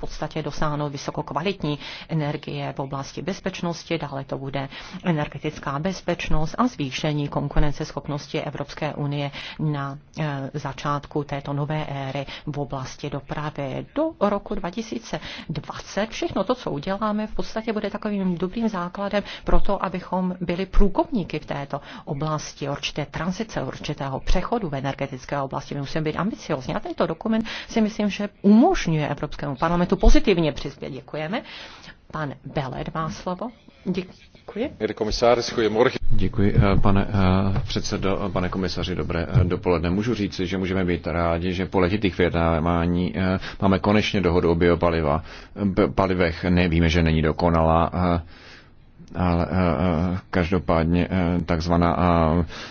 podstatě dosáhnout vysokokvalitní energie v oblasti bezpečnosti, dále to bude energetická bezpečnost a zvýšení konkurenceschopnosti Evropské unie na eh, začátku této nové éry v oblasti dopravy. Do roku 2020 všechno to, co uděláme, v podstatě bude takovým dobrým základem pro to, abychom byli průkopníky v této oblasti, určité transice, určitého přechodu v energetické oblasti. My musíme být ambiciozní. A tento dokument si myslím, že umožňuje Evropskému parlamentu tu pozitivně přispět. Děkujeme. Pan Beled má slovo. Děkuji. Děkuji, eh, pane eh, předsedo, pane komisaři, dobré eh, dopoledne. Můžu říct, že můžeme být rádi, že po letitých vyjednávání máme konečně dohodu o biopalivech. Palivech nevíme, že není dokonalá ale eh, eh, každopádně eh, takzvaná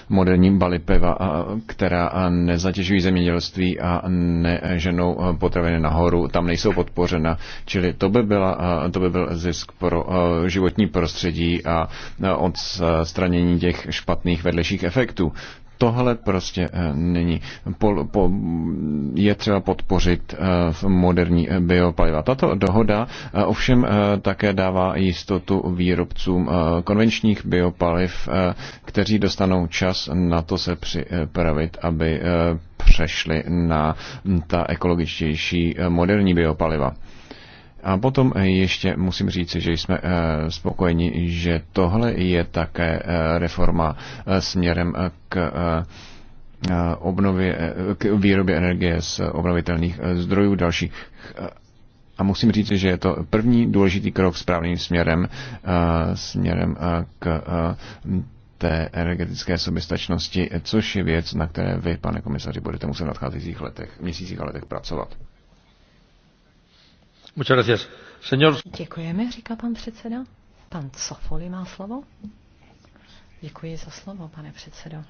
moderní balipeva, která nezatěžují zemědělství a neženou potraviny nahoru, tam nejsou podpořena. Čili to by, byla, to by byl zisk pro životní prostředí a odstranění těch špatných vedlejších efektů tohle prostě eh, není. Po, po, je třeba podpořit eh, moderní eh, biopaliva. Tato dohoda ovšem také dává jistotu výrobcům konvenčních biopaliv, kteří dostanou čas na to se připravit, aby přešli na ta ekologičtější moderní biopaliva. A potom eh, ještě musím říct, že jsme eh, spokojeni, že tohle je také eh, reforma směrem k obnově, k výrobě energie z obnovitelných zdrojů dalších. A musím říct, že je to první důležitý krok správným směrem, směrem k té energetické soběstačnosti, což je věc, na které vy, pane komisaři, budete muset v nadcházejících letech, měsících a letech pracovat. Muchas gracias. Señor... Děkujeme, říká pan předseda. Pan Sofoli má slovo. Děkuji za slovo, pane předsedo.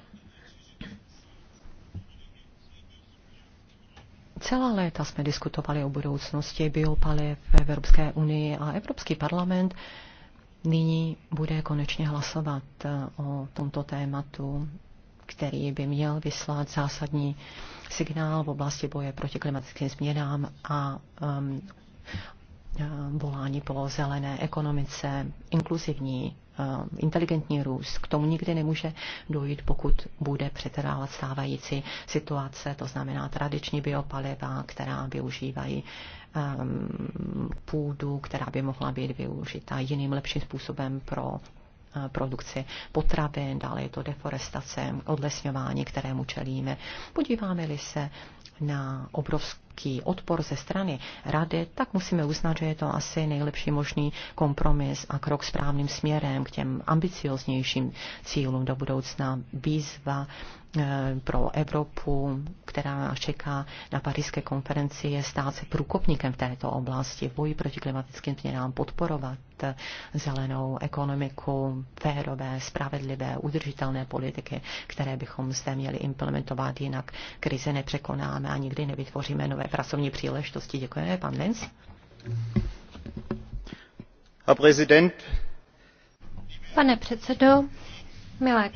Celá léta jsme diskutovali o budoucnosti biopaliv v Evropské unii a Evropský parlament nyní bude konečně hlasovat eh, o tomto tématu, který by měl vyslat zásadní signál v oblasti boje proti klimatickým změnám a um, Eh, volání po zelené ekonomice, inkluzivní, eh, inteligentní růst. K tomu nikdy nemůže dojít, pokud bude přetrvávat stávající situace, to znamená tradiční biopaliva, která využívají eh, půdu, která by mohla být využita jiným lepším způsobem pro produkci potravin, dále je to deforestace, odlesňování, kterému čelíme. Podíváme-li se na obrovskou prudký odpor ze strany rady, tak musíme uznat, že je to asi nejlepší možný kompromis a krok správným směrem k těm ambicioznějším cílům do budoucna. Výzva Eh, pro Evropu, která čeká na parížské konferenci, je stát se průkopníkem v této oblasti, v boji proti klimatickým změnám, podporovat eh, zelenou ekonomiku, férové, spravedlivé, udržitelné politiky, které bychom zde měli implementovat, jinak krize nepřekonáme a nikdy nevytvoříme nové pracovní příležitosti. Děkujeme, pan Lenz. Pane předsedo, Milé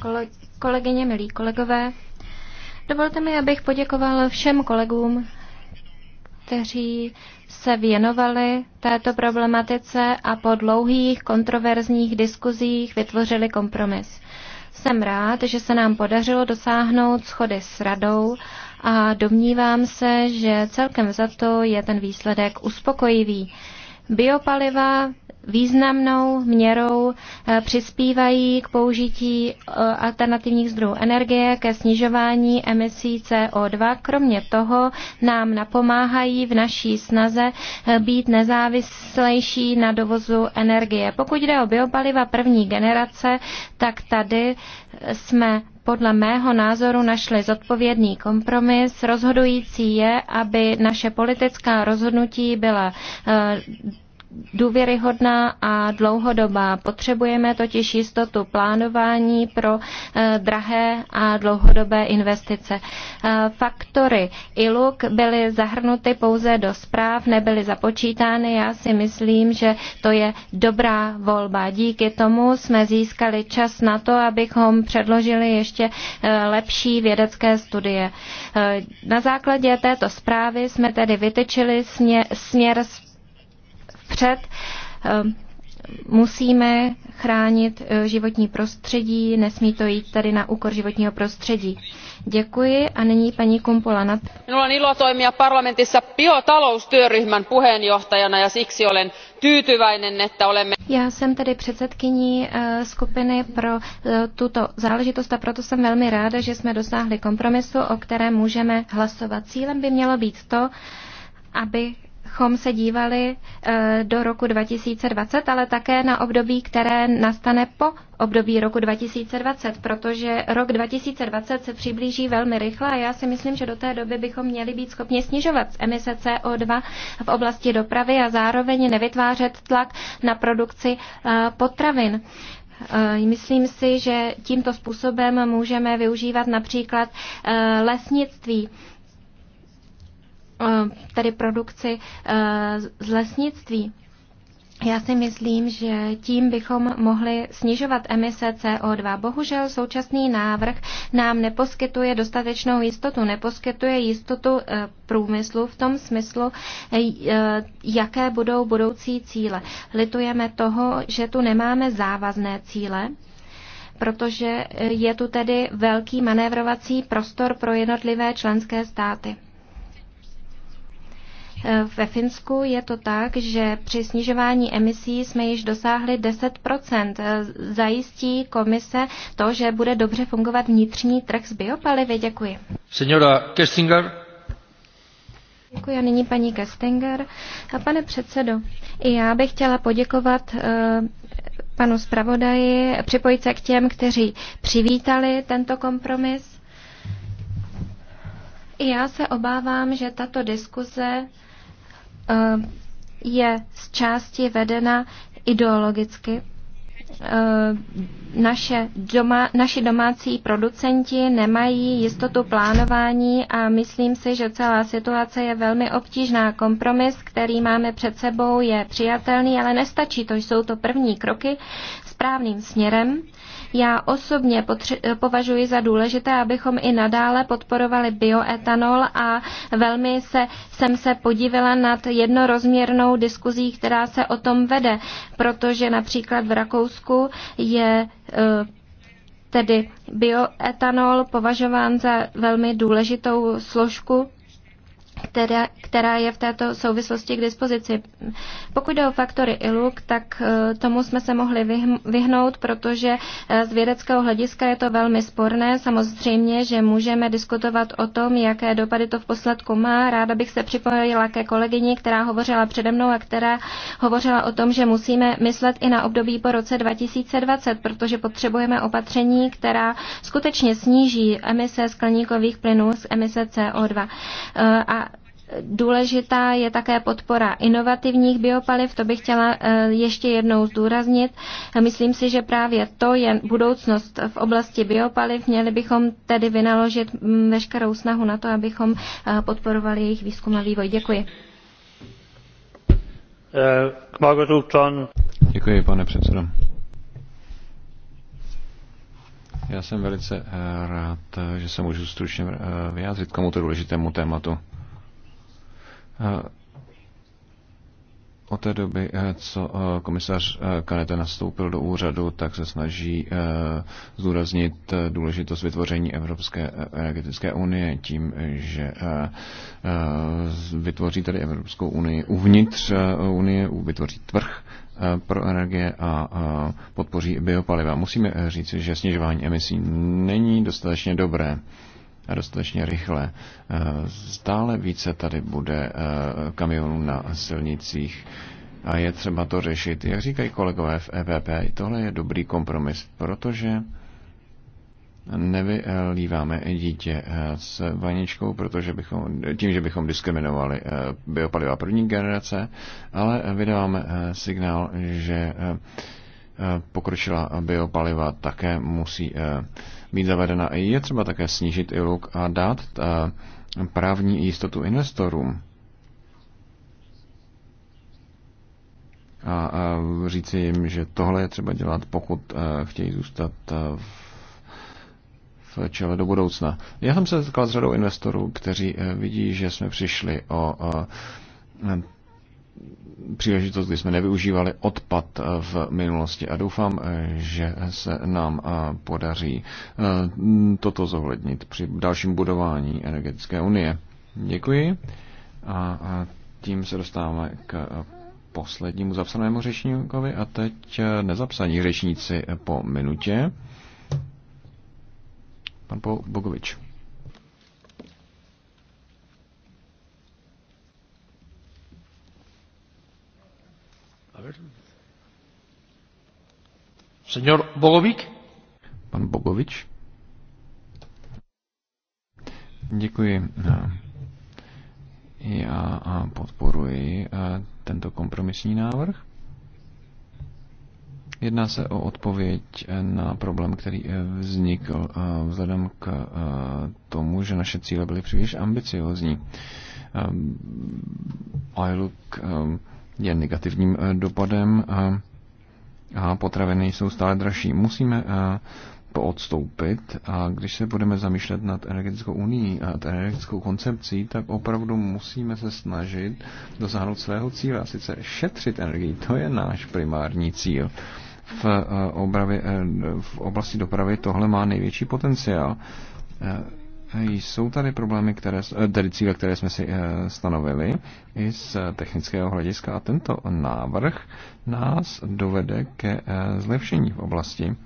kolegyně, milí kolegové, dovolte mi, abych poděkoval všem kolegům, kteří se věnovali této problematice a po dlouhých kontroverzních diskuzích vytvořili kompromis. Jsem rád, že se nám podařilo dosáhnout schody s radou a domnívám se, že celkem za to je ten výsledek uspokojivý. Biopaliva významnou měrou eh, přispívají k použití eh, alternativních zdrojů energie, ke snižování emisí CO2. Kromě toho nám napomáhají v naší snaze eh, být nezávislejší na dovozu energie. Pokud jde o biopaliva první generace, tak tady jsme podle mého názoru našli zodpovědný kompromis. Rozhodující je, aby naše politická rozhodnutí byla důvěryhodná a dlouhodobá. Potřebujeme totiž jistotu plánování pro eh, drahé a dlouhodobé investice. Eh, faktory ILUK byly zahrnuty pouze do zpráv, nebyly započítány. Já si myslím, že to je dobrá volba. Díky tomu jsme získali čas na to, abychom předložili ještě eh, lepší vědecké studie. Na základě této zprávy jsme tedy vytyčili směr, směr před ehm, Musíme chránit eh, životní prostředí, nesmí to jít tady na úkor životního prostředí. Děkuji a nyní paní Kumpola. Minulla on ilo toimia parlamentissa biotaloustyöryhmän puheenjohtajana ja siksi olen tyytyväinen, että olemme... Já jsem tady předsedkyní eh, skupiny pro eh, tuto záležitost a proto jsem velmi ráda, že jsme dosáhli kompromisu, o kterém můžeme hlasovat. Cílem by mělo být to, aby bychom se dívali eh, do roku 2020, ale také na období, které nastane po období roku 2020, protože rok 2020 se přiblíží velmi rychle a já si myslím, že do té doby bychom měli být schopni snižovat emise CO2 v oblasti dopravy a zároveň nevytvářet tlak na produkci eh, potravin. Eh, myslím si, že tímto způsobem můžeme využívat například lesnictví. Eh, tedy produkci eh, z lesnictví. Já si myslím, že tím bychom mohli snižovat emise CO2. Bohužel současný návrh nám neposkytuje dostatečnou jistotu, neposkytuje jistotu eh, průmyslu v tom smyslu, jaké budou budoucí cíle. Litujeme toho, že tu nemáme závazné cíle, protože je tu tedy velký manévrovací prostor pro jednotlivé členské státy. Ve Finsku je to tak, že při snižování emisí jsme již dosáhli 10 Zajistí komise to, že bude dobře fungovat vnitřní trh s biopalivy? Děkuji. Senora Kestinger. Děkuji a nyní paní Kestinger. A pane předsedo, i já bych chtěla poděkovat eh, panu zpravodaji, připojit se k těm, kteří přivítali tento kompromis. I já se obávám, že tato diskuze Eh, je z části vedena ideologicky. Eh, naše doma, naši domácí producenti nemají jistotu plánování a myslím si, že celá situace je velmi obtížná. Kompromis, který máme před sebou, je přijatelný, ale nestačí to. Jsou to první kroky správným směrem. Já osobně považuji za důležité, abychom i nadále podporovali bioetanol a velmi se, jsem se podívala nad jednorozměrnou diskuzí, která se o tom vede, protože například v Rakousku je e, tedy bioetanol považován za velmi důležitou složku která, která je v této souvislosti k dispozici. Pokud jde o faktory ILUK, tak e, tomu jsme se mohli vyhnout, protože e, z vědeckého hlediska je to velmi sporné. Samozřejmě, že můžeme diskutovat o tom, jaké dopady to v posledku má. Ráda bych se připojila ke kolegyni, která hovořila přede mnou a která hovořila o tom, že musíme myslet i na období po roce 2020, protože potřebujeme opatření, která skutečně sníží emise skleníkových plynů z emise CO2. E, a Důležitá je také podpora inovativních biopaliv, to bych chtěla eh, ještě jednou zdůraznit. Myslím si, že právě to je budoucnost v oblasti biopaliv. Měli bychom tedy vynaložit mm, veškerou snahu na to, abychom eh, podporovali jejich výzkum a vývoj. Děkuji. Eh, Děkuji, pane předsedo. Já jsem velice rád, že se můžu stručně vyjádřit k tomuto důležitému tématu. Eh, od té doby, eh, co eh, komisař Kaneta nastoupil do úřadu, tak se snaží zdůraznit důležitost vytvoření Evropské energetické unie tím, že vytvoří tedy Evropskou unii uvnitř unie, vytvoří trh pro energie a podpoří biopaliva. Musíme říci, že snižování emisí není dostatečně dobré dostatečně rychle. Eh, stále více tady bude eh, kamionů na silnicích a je třeba to řešit. Jak říkají kolegové v EPP, tohle je dobrý kompromis, protože nevylíváme dítě eh, s vaničkou, protože bychom, tím, že bychom diskriminovali biopaliva první generace, ale vydáváme signál, že pokročila biopaliva také musí být zavedena. Je třeba také snížit i luk a dát eh, právní jistotu investorům. A, a eh, říci jim, že tohle je třeba dělat, pokud eh, chtějí zůstat v čele do budoucna. Já jsem se setkal s řadou investorů, kteří vidí, že jsme přišli o příležitost, kdy jsme nevyužívali odpad eh, v minulosti a doufám, eh, že se nám eh, podaří toto zohlednit při dalším budování energetické unie. Děkuji a tím se dostáváme k poslednímu zapsanému řečníkovi a teď nezapsaní řečníci po minutě. Pan Bogovič. A ver. Señor Pan Bogovič? Děkuji. Já podporuji tento kompromisní návrh. Jedná se o odpověď e, na problém, který e, vznikl vzhledem k e, tomu, že naše cíle byly příliš ambiciozní. ILUK je negativním eh, dopadem eh, a potraviny jsou stále dražší. Musíme eh, poodstoupit a když se budeme zamýšlet nad energetickou unii a energetickou koncepcí, tak opravdu musíme se snažit dosáhnout svého cíle, a sice šetřit energii. To je náš primární cíl. V, obravě, v oblasti dopravy tohle má největší potenciál jsou tady problémy, které, eh, tedy cíle, které jsme si eh, stanovili i z technického hlediska a tento návrh nás dovede ke eh, zlepšení v oblasti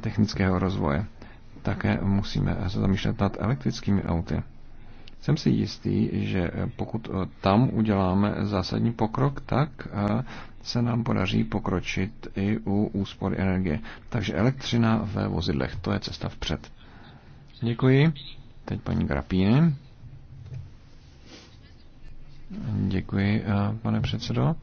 technického rozvoje. Také musíme se zamýšlet nad elektrickými auty. Jsem si jistý, že pokud tam uděláme zásadní pokrok, tak se nám podaří pokročit i u úspor energie. Takže elektřina ve vozidlech, to je cesta vpřed. Děkuji. Teď paní Grapíny. Děkuji, eh, pane předsedo.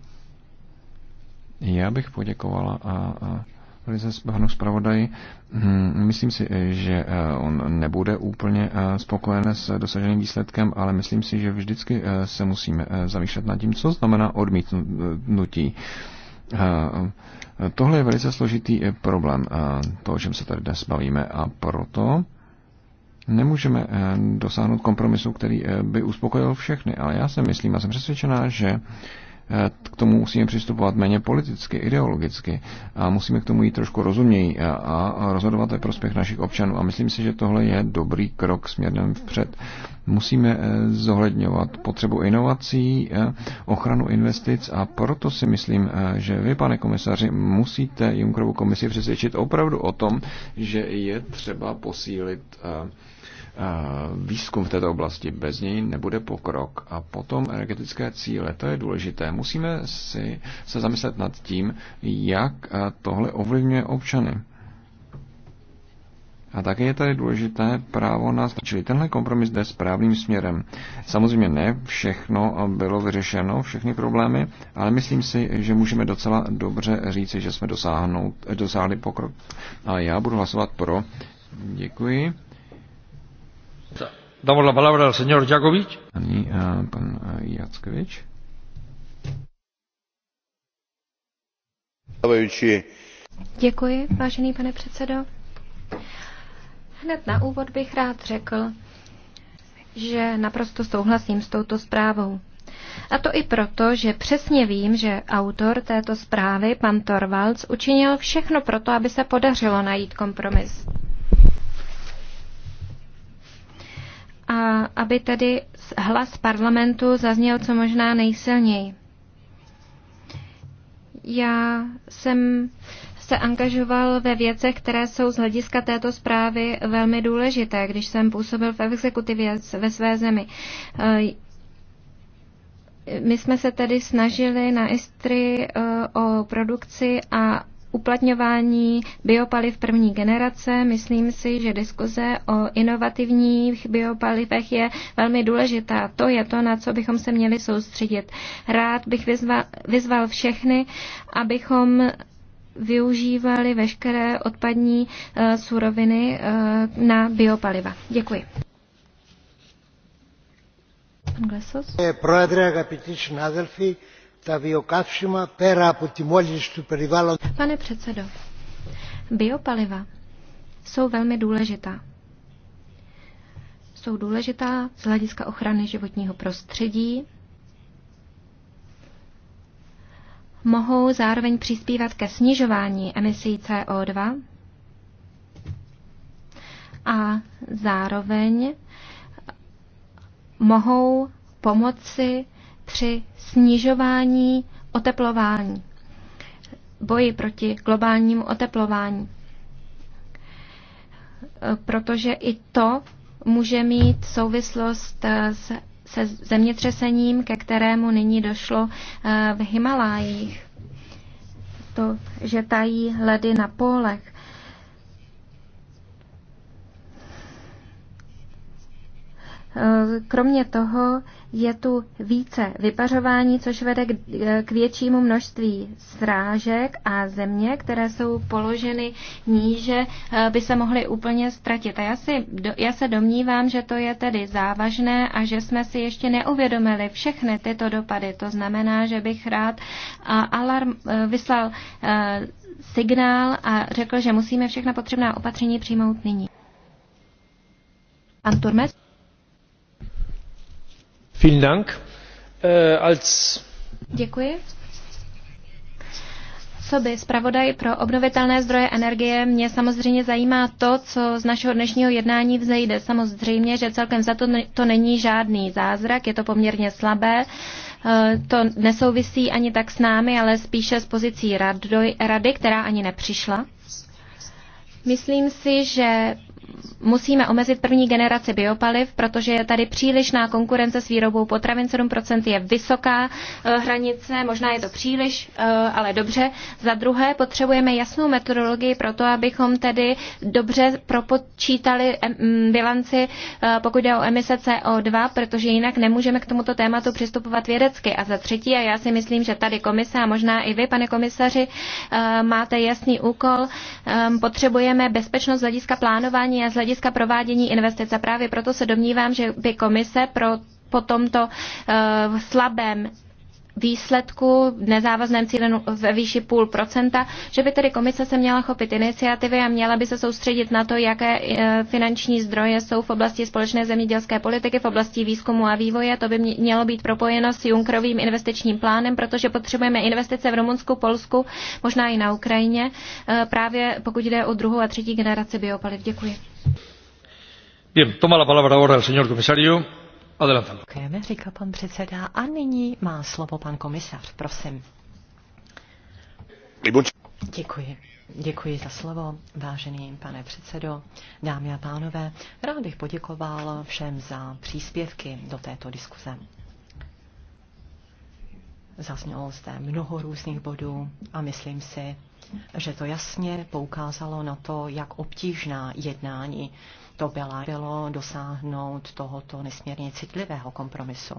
Já bych poděkovala a, a velice panu zpravodaji. Hmm, myslím si, že eh, on nebude úplně eh, spokojen s dosaženým výsledkem, ale myslím si, že vždycky se musíme zamýšlet nad tím, co znamená odmítnutí. Tohle je velice složitý problém, to, o čem se tady dnes bavíme, a proto Nemůžeme eh, dosáhnout kompromisu, který eh, by uspokojil všechny, ale já si myslím a jsem přesvědčená, že eh, k tomu musíme přistupovat méně politicky, ideologicky a musíme k tomu jít trošku rozuměji a rozhodovat ve prospěch našich občanů. A myslím si, že tohle je dobrý krok směrem vpřed. Musíme zohledňovat potřebu inovací, ochranu investic a proto si myslím, že vy, pane komisaři, musíte Junckerovu komisi přesvědčit opravdu o tom, že je třeba posílit výzkum v této oblasti. Bez něj nebude pokrok. A potom energetické cíle, to je důležité. Musíme si se zamyslet nad tím, jak tohle ovlivňuje občany. A také je tady důležité právo na Čili tenhle kompromis jde správným směrem. Samozřejmě ne všechno bylo vyřešeno, všechny problémy, ale myslím si, že můžeme docela dobře říci, že jsme dosáhnout, dosáhli pokrok. A já budu hlasovat pro. Děkuji. Damos la palabra al señor Jakovič. Ani uh, eh, pan uh, Děkuji, vážený pane předsedo. Hned na úvod bych rád řekl, že naprosto souhlasím s touto zprávou. A to i proto, že přesně vím, že autor této zprávy, pan Torvalds, učinil všechno proto, aby se podařilo najít kompromis. a aby tedy hlas parlamentu zazněl co možná nejsilněji. Já jsem se angažoval ve věcech, které jsou z hlediska této zprávy velmi důležité, když jsem působil v exekutivě ve své zemi. E, my jsme se tedy snažili na Istri e, o produkci a uplatňování biopaliv první generace. Myslím si, že diskuze o inovativních biopalivech je velmi důležitá. To je to, na co bychom se měli soustředit. Rád bych vyzval, vyzval všechny, abychom využívali veškeré odpadní uh, suroviny uh, na biopaliva. Děkuji. Pan Glesos. Pane předsedo, biopaliva jsou velmi důležitá. Jsou důležitá z hlediska ochrany životního prostředí, mohou zároveň přispívat ke snižování emisí CO2 a zároveň mohou pomoci při snižování oteplování, boji proti globálnímu oteplování. Protože i to může mít souvislost s, se zemětřesením, ke kterému nyní došlo eh, v Himalájích. To, že tají ledy na pólech. Eh, kromě toho je tu více vypařování, což vede eh, k většímu množství srážek a země, které jsou položeny níže, eh, by se mohly úplně ztratit. A já, si, já se domnívám, že to je tedy závažné a že jsme si ještě neuvědomili všechny tyto dopady. To znamená, že bych rád alarm vyslal signál a řekl, že musíme všechna potřebná opatření přijmout nyní. Pan Turmes? Äh, Děkuji. Co zpravodaj pro obnovitelné zdroje energie, mě samozřejmě zajímá to, co z našeho dnešního jednání vzejde. Samozřejmě, že celkem za to, to není žádný zázrak, je to poměrně slabé. Äh, to nesouvisí ani tak s námi, ale spíše s pozicí rady, která ani nepřišla. Myslím si, že musíme omezit první generaci biopaliv, protože je tady přílišná konkurence s výrobou potravin. 7% je vysoká eh, hranice, možná je to příliš, eh, ale dobře. Za druhé potřebujeme jasnou metodologii pro to, abychom tedy dobře propočítali mm, bilanci, eh, pokud jde o emise CO2, protože jinak nemůžeme k tomuto tématu přistupovat vědecky. A za třetí, a já si myslím, že tady komise a možná i vy, pane komisaři, máte jasný úkol. Potřebujeme bezpečnost z hlediska plánování a z hlediska provádění investice. Právě proto se domnívám, že by komise pro, po tomto uh, slabém výsledku v nezávazném cíli ve výši půl procenta, že by tedy komise se měla chopit iniciativy a měla by se soustředit na to, jaké eh, finanční zdroje jsou v oblasti společné zemědělské politiky, v oblasti výzkumu a vývoje. To by mělo být propojeno s Junckerovým investičním plánem, protože potřebujeme investice v Rumunsku, Polsku, možná i na Ukrajině, eh, právě pokud jde o druhou a třetí generaci biopaliv. Děkuji. Bien, toma la palabra ahora el señor comisario. Adelantalo. říká pan předseda. A nyní má slovo pan komisař, prosím. Děkuji. Děkuji za slovo, vážený pane předsedo, dámy a pánové. Rád bych poděkoval všem za příspěvky do této diskuze. Zaznělo zde mnoho různých bodů a myslím si, že to jasně poukázalo na to, jak obtížná jednání to byla, bylo dosáhnout tohoto nesmírně citlivého kompromisu.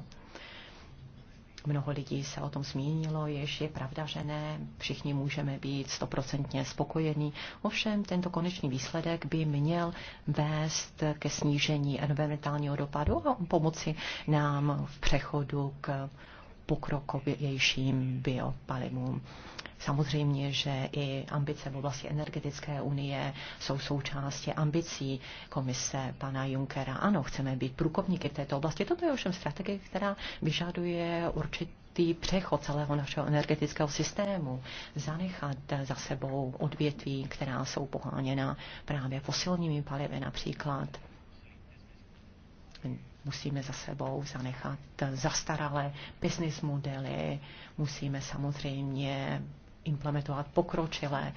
Mnoho lidí se o tom zmínilo, jež je pravda, že ne, všichni můžeme být stoprocentně spokojení. Ovšem, tento konečný výsledek by měl vést ke snížení environmentálního dopadu a pomoci nám v přechodu k pokrokovějším biopalivům. Samozřejmě, že i ambice v oblasti energetické unie jsou součástí ambicí komise pana Junckera. Ano, chceme být průkopníky v této oblasti. Toto je ovšem strategie, která vyžaduje určitě určitý přechod celého našeho energetického systému, zanechat za sebou odvětví, která jsou poháněna právě fosilními palivy například. Musíme za sebou zanechat zastaralé business modely, musíme samozřejmě implementovat pokročilé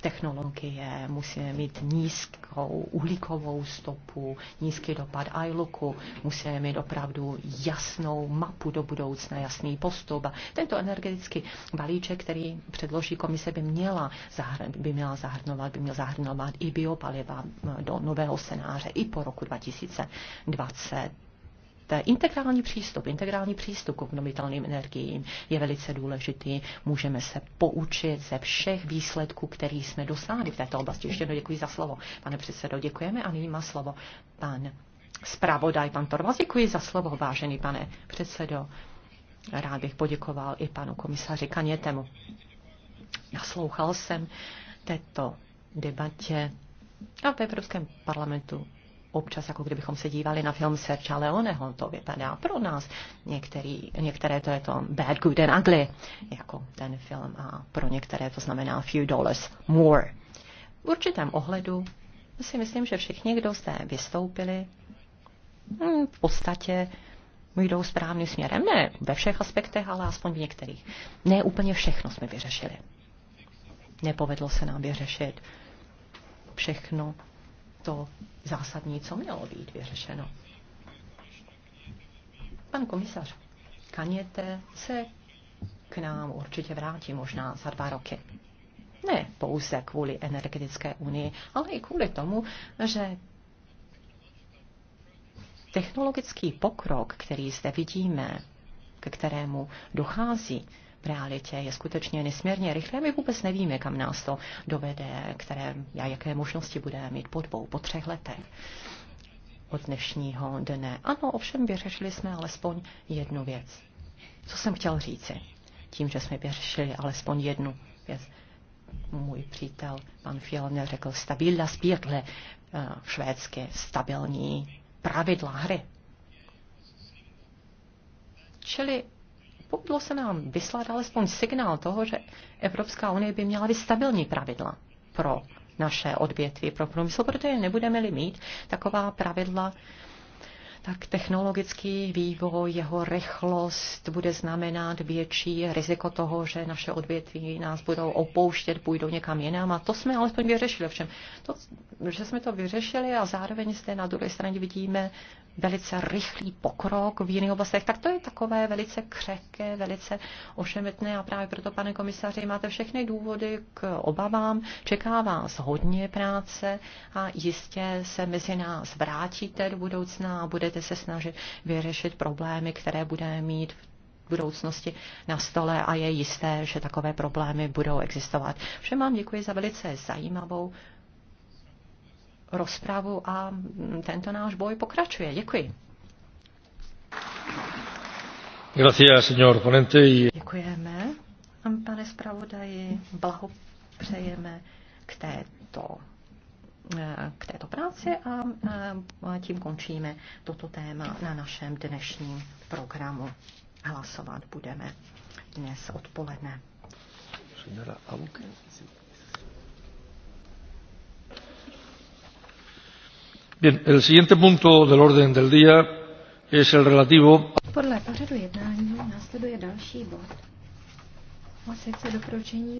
technologie, musíme mít nízkou uhlíkovou stopu, nízký dopad iLooku, musíme mít opravdu jasnou mapu do budoucna, jasný postup. A tento energetický balíček, který předloží komise, by, měla zahr- by měla zahrnovat, by měl zahrnovat i biopaliva do nového scénáře i po roku 2020 integrální přístup, integrální přístup k obnovitelným energiím je velice důležitý. Můžeme se poučit ze všech výsledků, který jsme dosáhli v této oblasti. Ještě jednou děkuji za slovo. Pane předsedo, děkujeme a nyní má slovo pan zpravodaj, pan Torvaz. Děkuji za slovo, vážený pane předsedo. Rád bych poděkoval i panu komisaři Kanětemu. Naslouchal jsem této debatě a v Evropském parlamentu občas jako kdybychom se dívali na film Serča Leoneho, to vypadá pro nás. Některý, některé to je to Bad, Good and Ugly, jako ten film a pro některé to znamená Few Dollars More. V určitém ohledu si myslím, že všichni, kdo jste vystoupili, hm, v podstatě jdou správným směrem. Ne ve všech aspektech, ale aspoň v některých. Ne úplně všechno jsme vyřešili. Nepovedlo se nám vyřešit všechno, to zásadní, co mělo být vyřešeno. Pan komisař Kaněte se k nám určitě vrátí možná za dva roky. Ne pouze kvůli energetické unii, ale i kvůli tomu, že technologický pokrok, který zde vidíme, ke kterému dochází, v realitě je skutečně nesmírně rychlé. My vůbec nevíme, kam nás to dovede, které, a jaké možnosti budeme mít po dvou, po třech letech od dnešního dne. Ano, ovšem vyřešili jsme alespoň jednu věc. Co jsem chtěl říci? Tím, že jsme vyřešili alespoň jednu věc. Můj přítel, pan Fjellner, řekl stabilna spírle eh, švédsky, stabilní pravidla hry. Čili nepovedlo se nám vyslat alespoň signál toho, že Evropská unie by měla být stabilní pravidla pro naše odvětví, pro průmysl, protože nebudeme-li mít taková pravidla, tak technologický vývoj, jeho rychlost bude znamenat větší riziko toho, že naše odvětví nás budou opouštět, půjdou někam jinam. A to jsme alespoň vyřešili. Všem. to, že jsme to vyřešili a zároveň zde na druhé straně vidíme velice rychlý pokrok v jiných oblastech, tak to je takové velice křehké, velice ošemetné a právě proto, pane komisaři, máte všechny důvody k obavám. Čeká vás hodně práce a jistě se mezi nás vrátíte do budoucna a budete budete se snažit vyřešit problémy, které budeme mít v budoucnosti na stole a je jisté, že takové problémy budou existovat. Všem vám děkuji za velice zajímavou rozpravu a tento náš boj pokračuje. Děkuji. Gracias, señor ponente. Děkujeme, pane zpravodaji, blahopřejeme k této k této práci a tím končíme toto téma na našem dnešním programu. Hlasovat budeme dnes odpoledne. Bien, el siguiente punto del orden del día es el relativo. Podle pořadu jednání následuje další bod. A sice doporučení